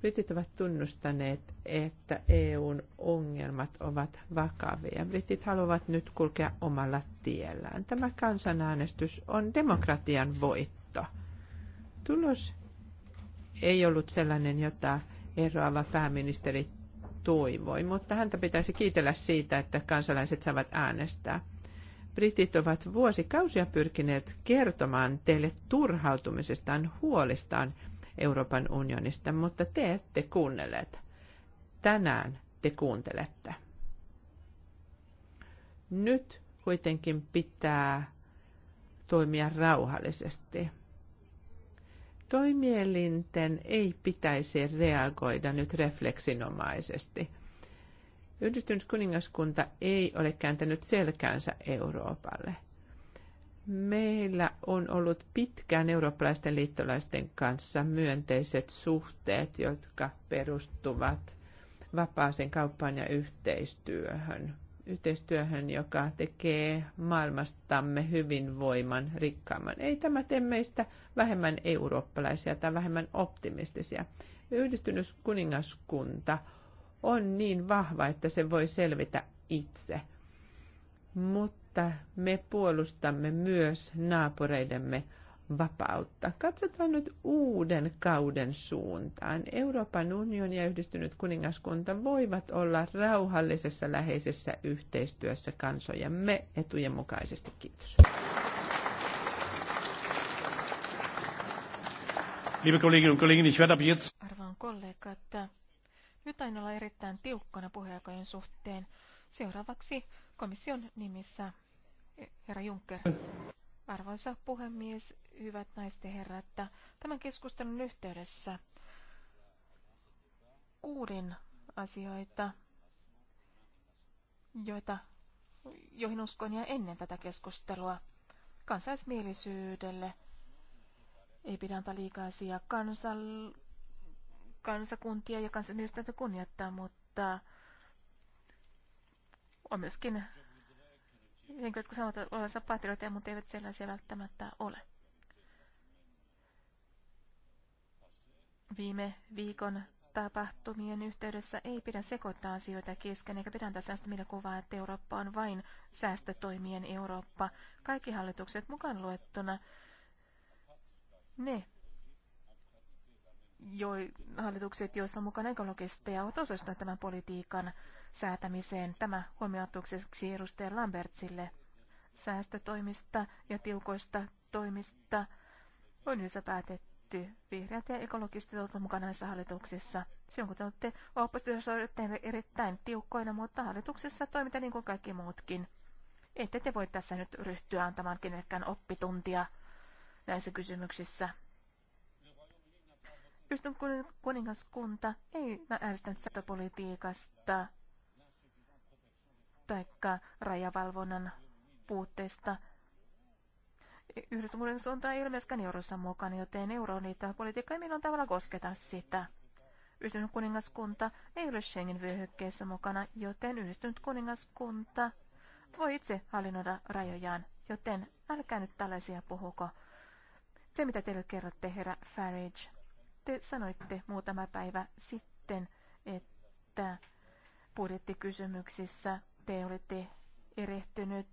Britit ovat tunnustaneet, että EUn ongelmat ovat vakavia. Britit haluavat nyt kulkea omalla tiellään. Tämä kansanäänestys on demokratian voitto. Tulos ei ollut sellainen, jota eroava pääministeri toivoi, mutta häntä pitäisi kiitellä siitä, että kansalaiset saavat äänestää. Britit ovat vuosikausia pyrkineet kertomaan teille turhautumisestaan huolistaan Euroopan unionista, mutta te ette kuunnelleet. Tänään te kuuntelette. Nyt kuitenkin pitää toimia rauhallisesti. Toimielinten ei pitäisi reagoida nyt refleksinomaisesti. Yhdistynyt kuningaskunta ei ole kääntänyt selkäänsä Euroopalle. Meillä on ollut pitkään eurooppalaisten liittolaisten kanssa myönteiset suhteet, jotka perustuvat vapaaseen kauppaan ja yhteistyöhön yhteistyöhön, joka tekee maailmastamme hyvinvoiman rikkaamman. Ei tämä tee meistä vähemmän eurooppalaisia tai vähemmän optimistisia. Yhdistynyt kuningaskunta on niin vahva, että se voi selvitä itse. Mutta me puolustamme myös naapureidemme vapautta. Katsotaan nyt uuden kauden suuntaan. Euroopan unioni ja yhdistynyt kuningaskunta voivat olla rauhallisessa läheisessä yhteistyössä kansojemme etujen mukaisesti. Kiitos. Liebe Kolleginnen että ich werde ab jetzt... nyt aina olla erittäin tiukkana puheenjohtajan suhteen. Seuraavaksi komission nimissä herra Juncker. Arvoisa puhemies, hyvät naiset ja herrat, että tämän keskustelun yhteydessä kuulin asioita, joita, joihin uskon ja ennen tätä keskustelua. Kansaismielisyydelle ei pidä antaa liikaa asiaa kansal- kansakuntia ja kansanmielisyyttä kunnioittaa, mutta on myöskin henkilöt, jotka sanovat olevansa patrioteja, mutta eivät sellaisia välttämättä ole. Viime viikon tapahtumien yhteydessä ei pidä sekoittaa asioita kesken, eikä pidä antaa sellaista kuvaa, että Eurooppa on vain säästötoimien Eurooppa. Kaikki hallitukset mukaan luettuna, ne jo, hallitukset, joissa on mukana ekologisteja, ovat osallistuneet tämän politiikan säätämiseen. Tämä huomioitukseksi edustaja Lambertsille säästötoimista ja tiukoista toimista on yhdessä päätetty tehty. Vihreät ja ekologiset ovat mukana näissä hallituksissa. Silloin kun te olette oppositiossa olette erittäin tiukkoina, mutta hallituksessa toimitaan niin kuin kaikki muutkin. Ette te voi tässä nyt ryhtyä antamaan kenellekään oppituntia näissä kysymyksissä. Pystyn kuningaskunta ei äänestänyt satopolitiikasta taikka rajavalvonnan puutteesta Yhdessä muiden suuntaan ei ole myöskään eurossa mukana, joten politiikka ei millään tavalla kosketa sitä. Yhdistynyt kuningaskunta ei ole Schengen-vyöhykkeessä mukana, joten yhdistynyt kuningaskunta voi itse hallinnoida rajojaan, joten älkää nyt tällaisia puhuko. Se, mitä teille kerrotte, herra Farage, te sanoitte muutama päivä sitten, että budjettikysymyksissä te olitte erehtynyt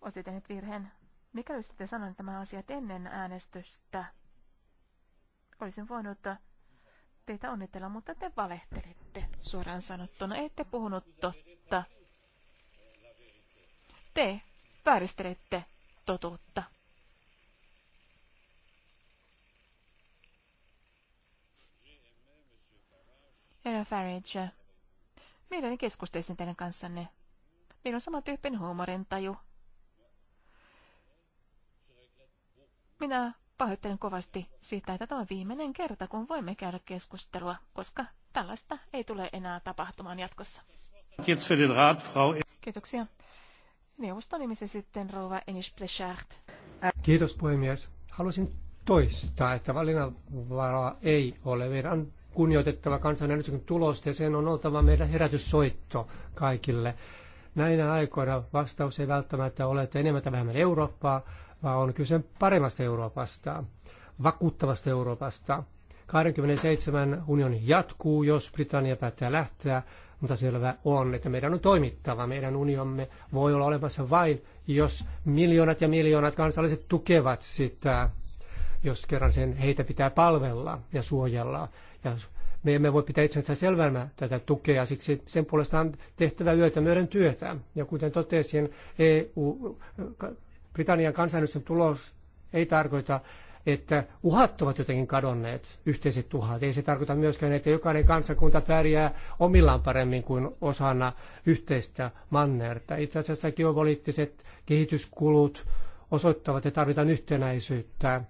olette tehneet virheen. Mikäli olisitte sanoneet tämä asiat ennen äänestystä, olisin voinut teitä onnitella, mutta te valehtelitte suoraan sanottuna. Ette puhunut totta. Te vääristelette totuutta. Herra Farage, mielelläni keskustelisin teidän kanssanne. Meillä on samantyyppinen huumorintaju. Minä pahoittelen kovasti siitä, että tämä on viimeinen kerta, kun voimme käydä keskustelua, koska tällaista ei tule enää tapahtumaan jatkossa. E- Kiitoksia. Neuvosto nimisi sitten rouva Enish Plechard. Kiitos puhemies. Haluaisin toistaa, että valinnanvaraa ei ole. Meidän kunnioitettava kansanäänestyksen tulosta ja sen on oltava meidän herätyssoitto kaikille. Näinä aikoina vastaus ei välttämättä ole, että enemmän tai vähemmän Eurooppaa, vaan on kyse paremmasta Euroopasta, vakuuttavasta Euroopasta. 27 unioni jatkuu, jos Britannia päättää lähteä, mutta selvä on, että meidän on toimittava. Meidän unionimme voi olla olemassa vain, jos miljoonat ja miljoonat kansalaiset tukevat sitä, jos kerran sen heitä pitää palvella ja suojella. Ja me emme voi pitää itsensä selvänä tätä tukea, siksi sen puolesta on tehtävä yötä myöden työtä. Ja kuten totesin, EU, Britannian kansanäänestyksen tulos ei tarkoita, että uhat ovat jotenkin kadonneet, yhteiset uhat. Ei se tarkoita myöskään, että jokainen kansakunta pärjää omillaan paremmin kuin osana yhteistä mannerta. Itse asiassa geopoliittiset kehityskulut osoittavat, että tarvitaan yhtenäisyyttä.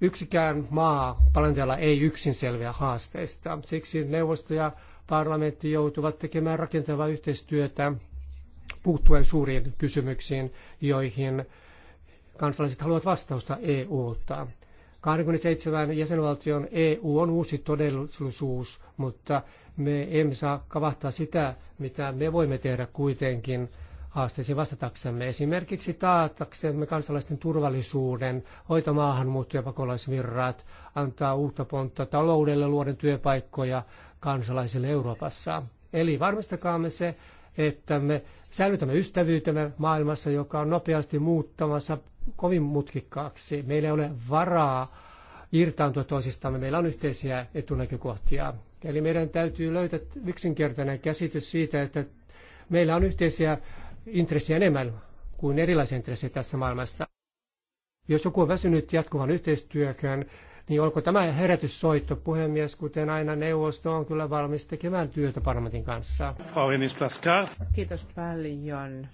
Yksikään maa planeetalla ei yksin selviä haasteista. Siksi neuvosto ja parlamentti joutuvat tekemään rakentavaa yhteistyötä puuttuen suuriin kysymyksiin, joihin kansalaiset haluavat vastausta EU-ta. 27 jäsenvaltion EU on uusi todellisuus, mutta me emme saa kavahtaa sitä, mitä me voimme tehdä kuitenkin haasteisiin vastataksemme. Esimerkiksi taataksemme kansalaisten turvallisuuden, hoitaa maahanmuutto- ja pakolaisvirrat, antaa uutta pontta taloudelle luoden työpaikkoja kansalaisille Euroopassa. Eli varmistakaamme se, että me säilytämme ystävyytemme maailmassa, joka on nopeasti muuttamassa kovin mutkikkaaksi. Meillä ei ole varaa irtaantua toisistamme. Meillä on yhteisiä etunäkökohtia. Eli meidän täytyy löytää yksinkertainen käsitys siitä, että meillä on yhteisiä intressejä enemmän kuin erilaisia intressejä tässä maailmassa. Jos joku on väsynyt jatkuvan yhteistyökään, niin olko tämä herätyssoitto puhemies, kuten aina neuvosto on kyllä valmis tekemään työtä parlamentin kanssa. Frau Kiitos paljon.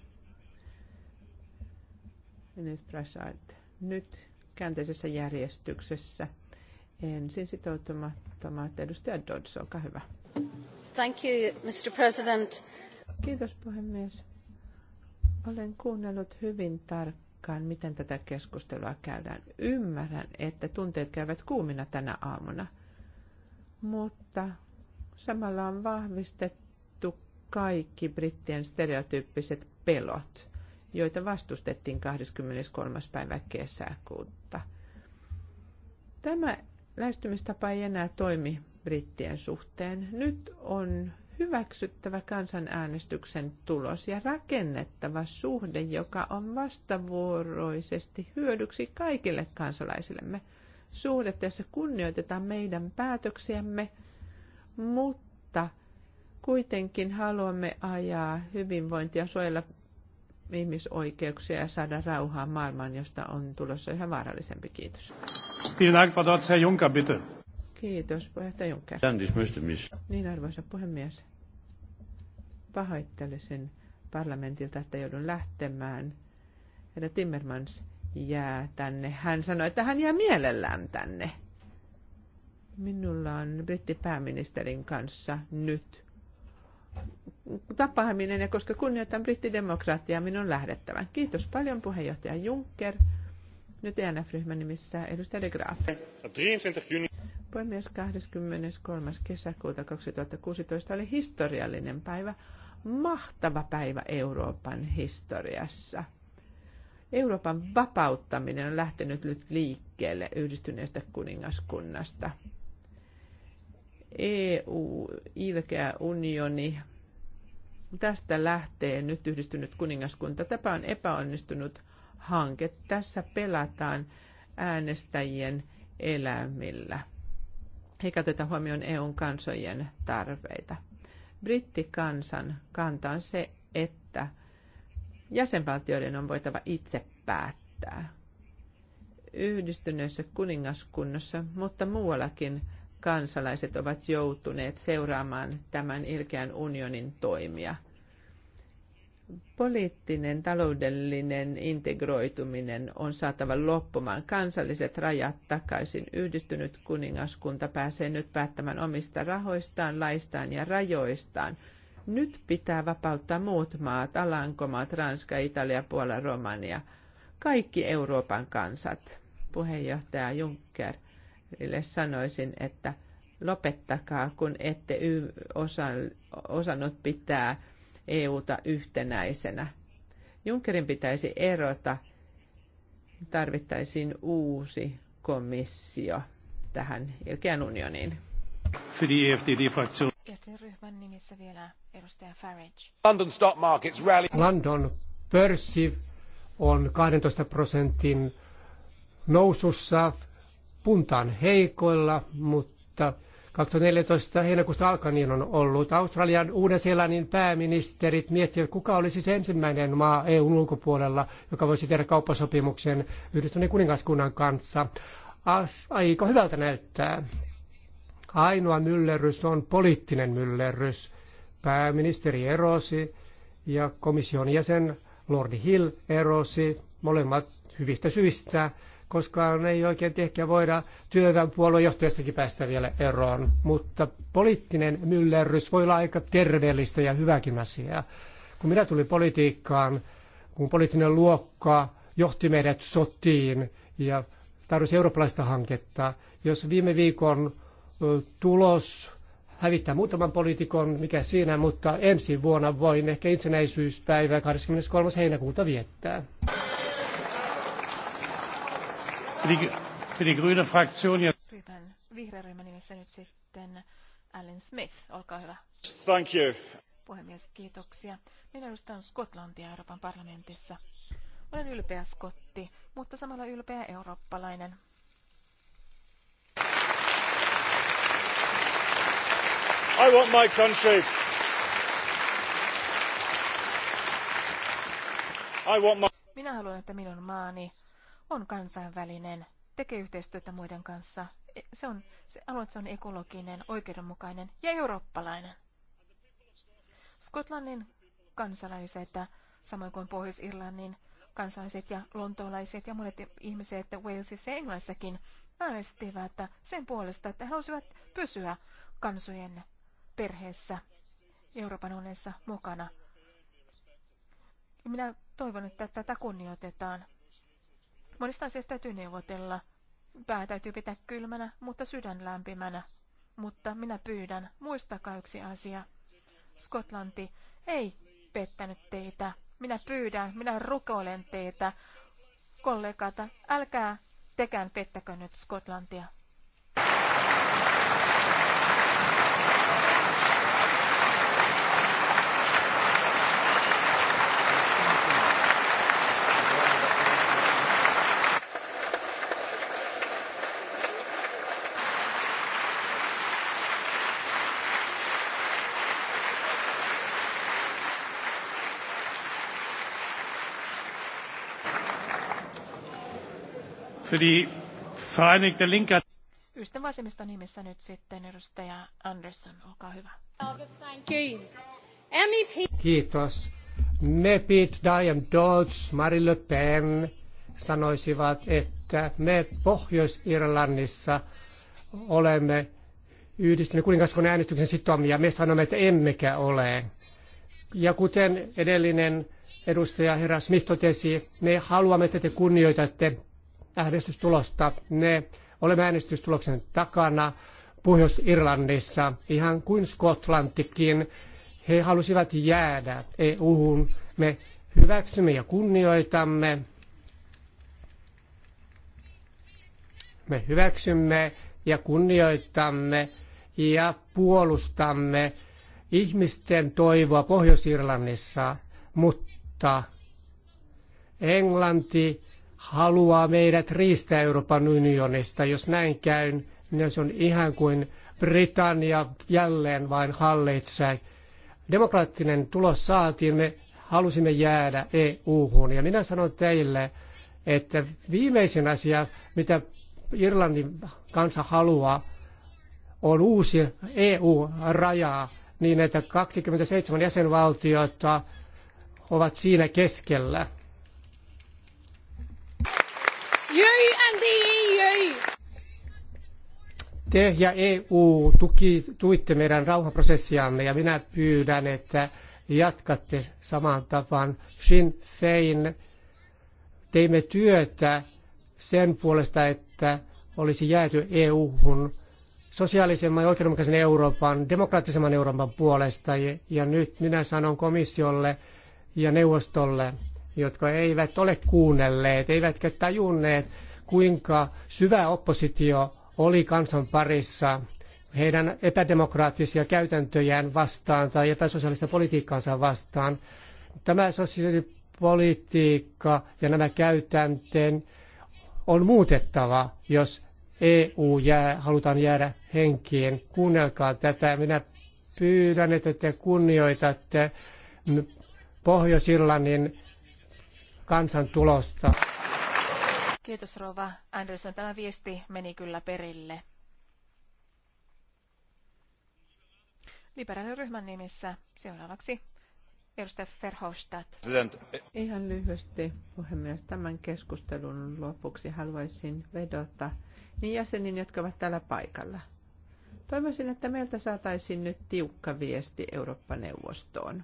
Nyt käänteisessä järjestyksessä. Ensin sitoutumattomat edustaja Dodds, olkaa hyvä. Thank you, Mr. President. Kiitos puhemies. Olen kuunnellut hyvin tarkkaan tarkkaan, miten tätä keskustelua käydään. Ymmärrän, että tunteet käyvät kuumina tänä aamuna, mutta samalla on vahvistettu kaikki brittien stereotyyppiset pelot, joita vastustettiin 23. päivä kesäkuuta. Tämä lähestymistapa ei enää toimi brittien suhteen. Nyt on hyväksyttävä kansanäänestyksen tulos ja rakennettava suhde, joka on vastavuoroisesti hyödyksi kaikille kansalaisillemme. Suhde, jossa kunnioitetaan meidän päätöksiämme, mutta kuitenkin haluamme ajaa hyvinvointia, suojella ihmisoikeuksia ja saada rauhaa maailmaan, josta on tulossa yhä vaarallisempi. Kiitos. Vielen Dank, Frau Herr Juncker, bitte. Kiitos, puheenjohtaja Juncker. Niin, arvoisa puhemies. Pahoittelisin parlamentilta, että joudun lähtemään. Herra Timmermans jää tänne. Hän sanoi, että hän jää mielellään tänne. Minulla on brittipääministerin kanssa nyt tapaaminen, ja koska kunnioitan brittidemokratiaa, minun on lähdettävä. Kiitos paljon puheenjohtaja Juncker. Nyt ENF-ryhmän nimissä edustaja De Graaf. Puhemies 23. kesäkuuta 2016 oli historiallinen päivä, mahtava päivä Euroopan historiassa. Euroopan vapauttaminen on lähtenyt nyt liikkeelle yhdistyneestä kuningaskunnasta. EU, ilkeä unioni, tästä lähtee nyt yhdistynyt kuningaskunta. Tämä on epäonnistunut hanke. Tässä pelataan äänestäjien elämillä eikä oteta huomioon EUn kansojen tarpeita. Brittikansan kanta on se, että jäsenvaltioiden on voitava itse päättää. Yhdistyneessä kuningaskunnassa, mutta muuallakin kansalaiset ovat joutuneet seuraamaan tämän ilkeän unionin toimia – poliittinen, taloudellinen integroituminen on saatava loppumaan. Kansalliset rajat takaisin. Yhdistynyt kuningaskunta pääsee nyt päättämään omista rahoistaan, laistaan ja rajoistaan. Nyt pitää vapauttaa muut maat, Alankomaat, Ranska, Italia, Puola, Romania. Kaikki Euroopan kansat. Puheenjohtaja Junckerille sanoisin, että lopettakaa, kun ette osannut pitää EUta yhtenäisenä. Junckerin pitäisi erota, tarvittaisiin uusi komissio tähän ilkeän unioniin. E ryhmän nimissä vielä edustaja Farage. London, stock markets rally. London pörssi on 12 prosentin nousussa, puntaan heikoilla, mutta 2014 heinäkuusta alkaen niin on ollut. Australian Uuden-Seelannin pääministerit miettivät, kuka olisi se ensimmäinen maa EUn ulkopuolella, joka voisi tehdä kauppasopimuksen Yhdistyneen kuningaskunnan kanssa. As, aika hyvältä näyttää. Ainoa myllerrys on poliittinen myllerrys. Pääministeri erosi ja komission jäsen Lordi Hill erosi, molemmat hyvistä syistä koska ne ei oikein ehkä voida työväen puoluejohtajastakin päästä vielä eroon. Mutta poliittinen myllerrys voi olla aika terveellistä ja hyväkin asia. Kun minä tulin politiikkaan, kun poliittinen luokka johti meidät sotiin ja tarvitsi eurooppalaista hanketta, jos viime viikon tulos hävittää muutaman poliitikon, mikä siinä, mutta ensi vuonna voin ehkä itsenäisyyspäivää 23. heinäkuuta viettää. Ryhmän, ryhmän nimessä nyt sitten Alan Smith, olkaa hyvä. Thank you. Puhemies, kiitoksia. Minä edustan Skotlantia Euroopan parlamentissa. Olen ylpeä skotti, mutta samalla ylpeä eurooppalainen. I want my country. I want my... Minä haluan, että minun maani on kansainvälinen, tekee yhteistyötä muiden kanssa. E, se on, se alue, se on ekologinen, oikeudenmukainen ja eurooppalainen. Skotlannin kansalaiset, samoin kuin Pohjois-Irlannin kansalaiset ja lontoolaiset ja monet ihmiset Walesissa ja Englannissakin äänestivät sen puolesta, että he halusivat pysyä kansojen perheessä Euroopan unionissa mukana. Minä toivon, että tätä kunnioitetaan. Monista asioista täytyy neuvotella. Pää täytyy pitää kylmänä, mutta sydän lämpimänä. Mutta minä pyydän, muistakaa yksi asia. Skotlanti ei pettänyt teitä. Minä pyydän, minä rukoilen teitä, kollegata, älkää tekään pettäkö nyt Skotlantia. Für die Vereinigte Linke. Ysten vasemmiston nimissä nyt sitten edustaja Anderson, olkaa hyvä. E Kiitos. Pete Diane Dodds, Marie Le Pen sanoisivat, että me Pohjois-Irlannissa olemme yhdistyneen kuningaskunnan äänestyksen sitomia. Me sanomme, että emmekä ole. Ja kuten edellinen edustaja herra Smith totesi, me haluamme, että te kunnioitatte äänestystulosta. Me olemme äänestystuloksen takana Pohjois-Irlannissa, ihan kuin Skotlantikin. He halusivat jäädä EU-hun. Me hyväksymme ja kunnioitamme. Me hyväksymme ja kunnioitamme ja puolustamme ihmisten toivoa Pohjois-Irlannissa, mutta Englanti haluaa meidät riistää Euroopan unionista. Jos näin käyn, niin se on ihan kuin Britannia jälleen vain hallitsee. Demokraattinen tulos saatiin, me halusimme jäädä EU-hun. Ja minä sanon teille, että viimeisin asia, mitä Irlannin kansa haluaa, on uusi EU-raja niin, että 27 jäsenvaltiota ovat siinä keskellä. Te ja EU tuki, tuitte meidän rauhanprosessiamme ja minä pyydän, että jatkatte samaan tapaan. Sinn Fein teimme työtä sen puolesta, että olisi jääty EU-hun sosiaalisemman ja oikeudenmukaisen Euroopan, demokraattisemman Euroopan puolesta. Ja nyt minä sanon komissiolle ja neuvostolle, jotka eivät ole kuunnelleet, eivätkä tajunneet, kuinka syvä oppositio oli kansan parissa heidän epädemokraattisia käytäntöjään vastaan tai epäsosiaalista politiikkaansa vastaan. Tämä sosiaalipolitiikka ja nämä käytänteen on muutettava, jos EU jää, halutaan jäädä henkiin. Kuunnelkaa tätä. Minä pyydän, että te kunnioitatte Pohjois-Irlannin tulosta. Kiitos Rova Anderson. Tämä viesti meni kyllä perille. ryhmän nimissä seuraavaksi edustaja Verhofstadt. Ihan lyhyesti puhemies tämän keskustelun lopuksi haluaisin vedota niin jäsenin, jotka ovat täällä paikalla. Toivoisin, että meiltä saataisiin nyt tiukka viesti Eurooppa-neuvostoon.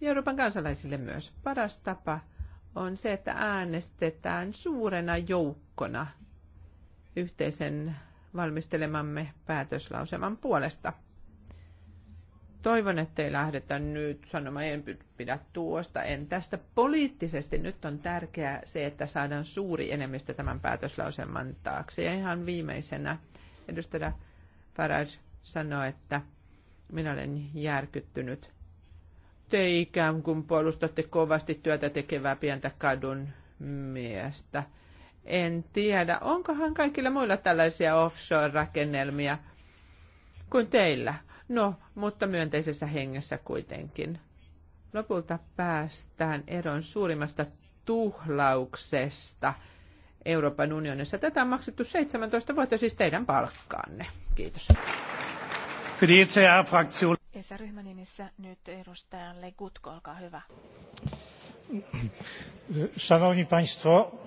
Euroopan kansalaisille myös paras tapa – on se, että äänestetään suurena joukkona yhteisen valmistelemamme päätöslauseman puolesta. Toivon, ettei lähdetä nyt sanomaan, en pidä tuosta, en tästä. Poliittisesti nyt on tärkeää se, että saadaan suuri enemmistö tämän päätöslauselman taakse. Ja ihan viimeisenä edustaja Farage sanoi, että minä olen järkyttynyt – te ikään kuin puolustatte kovasti työtä tekevää pientä kadun miestä. En tiedä, onkohan kaikilla muilla tällaisia offshore-rakennelmia kuin teillä. No, mutta myönteisessä hengessä kuitenkin. Lopulta päästään eron suurimmasta tuhlauksesta Euroopan unionissa. Tätä on maksettu 17 vuotta, siis teidän palkkaanne. Kiitos. Für die ESA-ryhmän nimissä nyt edustaja Legutko, olkaa hyvä. Sanoin Państwo,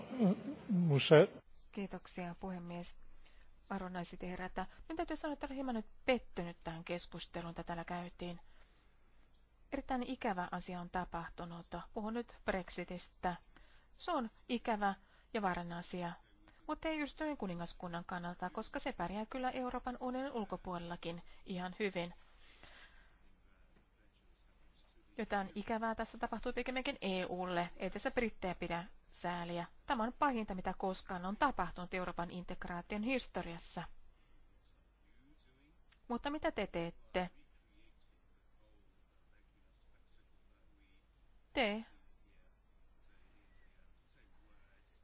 muszę... Kiitoksia puhemies. Arvonaiset herätä. Minun täytyy sanoa, että olen hieman nyt pettynyt tähän keskusteluun, mitä täällä käytiin. Erittäin ikävä asia on tapahtunut. Puhun nyt Brexitistä. Se on ikävä ja vaaran asia, mutta ei yhdistyneen kuningaskunnan kannalta, koska se pärjää kyllä Euroopan unionin ulkopuolellakin ihan hyvin – jotain ikävää tässä tapahtuu pikemminkin EUlle, ei tässä brittejä pidä sääliä. Tämä on pahinta, mitä koskaan on tapahtunut Euroopan integraation historiassa. Mutta mitä te teette? Te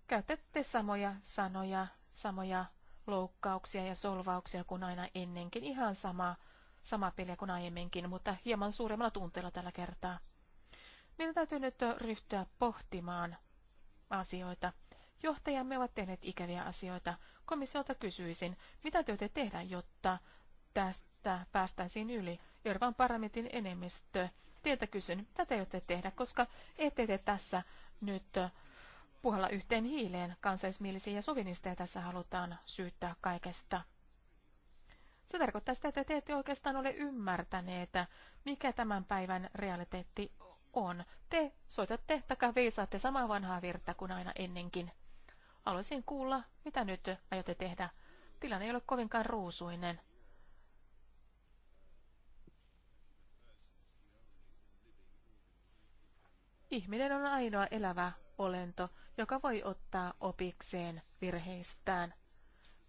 käytätte samoja sanoja, samoja loukkauksia ja solvauksia kuin aina ennenkin. Ihan sama samaa peliä kuin aiemminkin, mutta hieman suuremmalla tunteella tällä kertaa. Meidän täytyy nyt ryhtyä pohtimaan asioita. Johtajamme ovat tehneet ikäviä asioita. Komissiolta kysyisin, mitä työtä tehdään, jotta tästä päästäisiin yli. Euroopan parlamentin enemmistö. Teiltä kysyn, mitä te aiotte tehdä, koska ette te tässä nyt puhalla yhteen hiileen kansallismielisiä ja sovinisteja tässä halutaan syyttää kaikesta. Se tarkoittaa sitä, että te ette oikeastaan ole ymmärtäneet, mikä tämän päivän realiteetti on. Te soitatte takaa viisaatte samaa vanhaa virta kuin aina ennenkin. Haluaisin kuulla, mitä nyt aiotte tehdä. Tilanne ei ole kovinkaan ruusuinen. Ihminen on ainoa elävä olento, joka voi ottaa opikseen virheistään.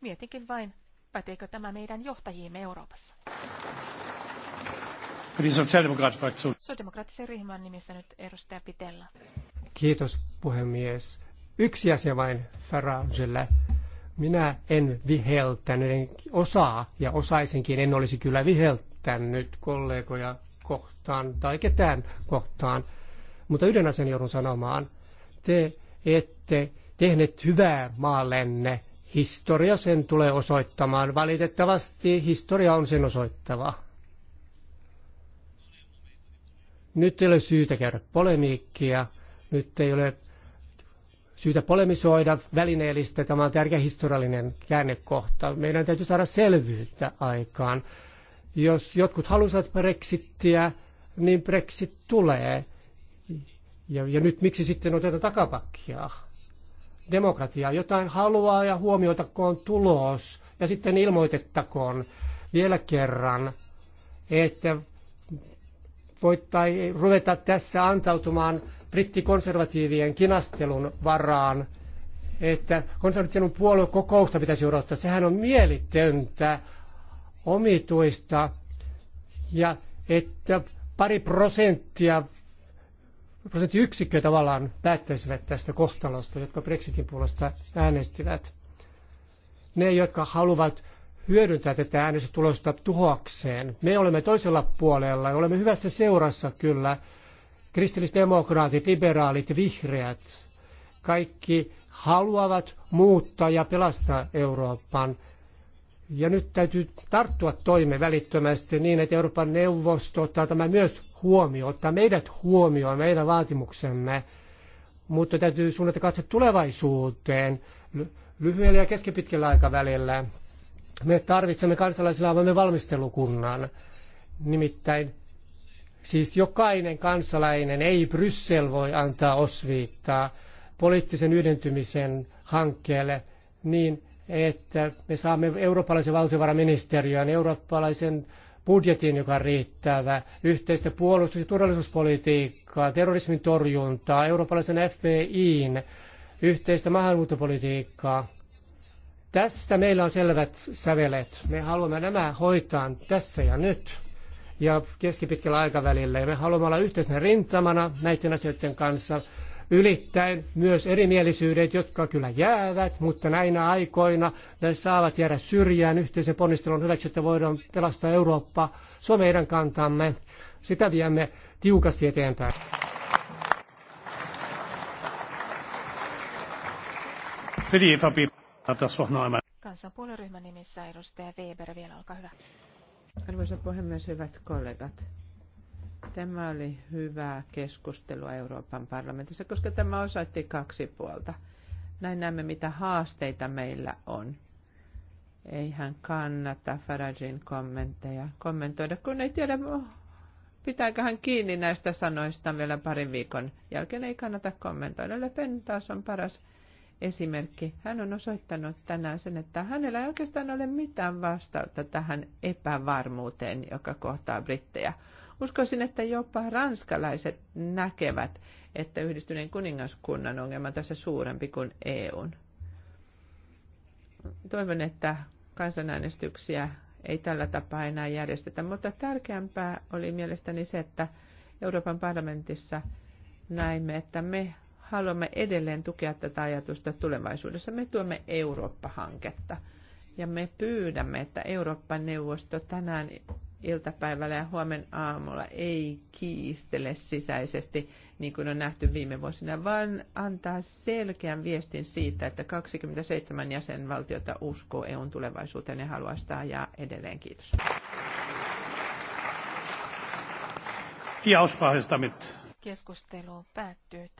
Mietinkin vain, Päteekö tämä meidän johtajiimme Euroopassa? Sosiaalidemokraattisen ryhmän nimissä nyt edustaja Pitella. Kiitos puhemies. Yksi asia vain Faragelle. Minä en viheltänyt, en osaa ja osaisinkin, en olisi kyllä viheltänyt kollegoja kohtaan tai ketään kohtaan. Mutta yhden asian joudun sanomaan. Te ette tehneet hyvää maallenne Historia sen tulee osoittamaan. Valitettavasti historia on sen osoittava. Nyt ei ole syytä käydä polemiikkia. Nyt ei ole syytä polemisoida välineellistä. Tämä on tärkeä historiallinen käännekohta. Meidän täytyy saada selvyyttä aikaan. Jos jotkut halusivat Brexittiä, niin Brexit tulee. Ja, ja nyt miksi sitten otetaan takapakkia? demokratiaa. Jotain haluaa ja huomioitakoon tulos ja sitten ilmoitettakoon vielä kerran, että voittai ruveta tässä antautumaan brittikonservatiivien kinastelun varaan, että konservatiivinen kokousta pitäisi odottaa. Sehän on mielitöntä, omituista ja että pari prosenttia prosenttiyksikkö tavallaan päättäisivät tästä kohtalosta, jotka Brexitin puolesta äänestivät. Ne, jotka haluavat hyödyntää tätä äänestystulosta tuhoakseen. Me olemme toisella puolella ja olemme hyvässä seurassa kyllä. Kristillisdemokraatit, liberaalit vihreät, kaikki haluavat muuttaa ja pelastaa Euroopan. Ja nyt täytyy tarttua toime välittömästi niin, että Euroopan neuvosto ottaa tämä myös huomioon, ottaa meidät huomioon, meidän vaatimuksemme, mutta täytyy suunnata katse tulevaisuuteen lyhyellä ja keskipitkällä aikavälillä. Me tarvitsemme kansalaisilla avoimen valmistelukunnan. Nimittäin siis jokainen kansalainen, ei Bryssel voi antaa osviittaa poliittisen yhdentymisen hankkeelle niin, että me saamme eurooppalaisen valtiovarainministeriön, eurooppalaisen budjetin, joka on riittävä, yhteistä puolustus- ja turvallisuuspolitiikkaa, terrorismin torjuntaa, eurooppalaisen FBIin, yhteistä maahanmuuttopolitiikkaa. Tästä meillä on selvät sävelet. Me haluamme nämä hoitaa tässä ja nyt ja keskipitkällä aikavälillä. Ja me haluamme olla yhteisenä rintamana näiden asioiden kanssa ylittäen myös erimielisyydet, jotka kyllä jäävät, mutta näinä aikoina ne saavat jäädä syrjään yhteisen ponnistelun hyväksi, että voidaan pelastaa Eurooppa. Se on meidän kantamme. Sitä viemme tiukasti eteenpäin. Für die EVP hat das Wort noch einmal. Kansanpuolueryhmän nimissä edustaja Weber vielä, olkaa hyvä. Arvoisa puhemies, hyvät kollegat. Tämä oli hyvää keskustelua Euroopan parlamentissa, koska tämä osoitti kaksi puolta. Näin näemme, mitä haasteita meillä on. Eihän kannata Farajin kommentteja kommentoida, kun ei tiedä, pitääkö hän kiinni näistä sanoista vielä parin viikon jälkeen. Ei kannata kommentoida. Le Pen taas on paras esimerkki. Hän on osoittanut tänään sen, että hänellä ei oikeastaan ole mitään vastausta tähän epävarmuuteen, joka kohtaa brittejä Uskoisin, että jopa ranskalaiset näkevät, että yhdistyneen kuningaskunnan ongelma on tässä suurempi kuin EUn. Toivon, että kansanäänestyksiä ei tällä tapaa enää järjestetä, mutta tärkeämpää oli mielestäni se, että Euroopan parlamentissa näimme, että me haluamme edelleen tukea tätä ajatusta tulevaisuudessa. Me tuemme Eurooppa-hanketta ja me pyydämme, että Eurooppa-neuvosto tänään iltapäivällä ja huomen aamulla ei kiistele sisäisesti, niin kuin on nähty viime vuosina, vaan antaa selkeän viestin siitä, että 27 jäsenvaltiota uskoo EUn tulevaisuuteen ja haluaa sitä ajaa edelleen. Kiitos. Keskustelu päättyy.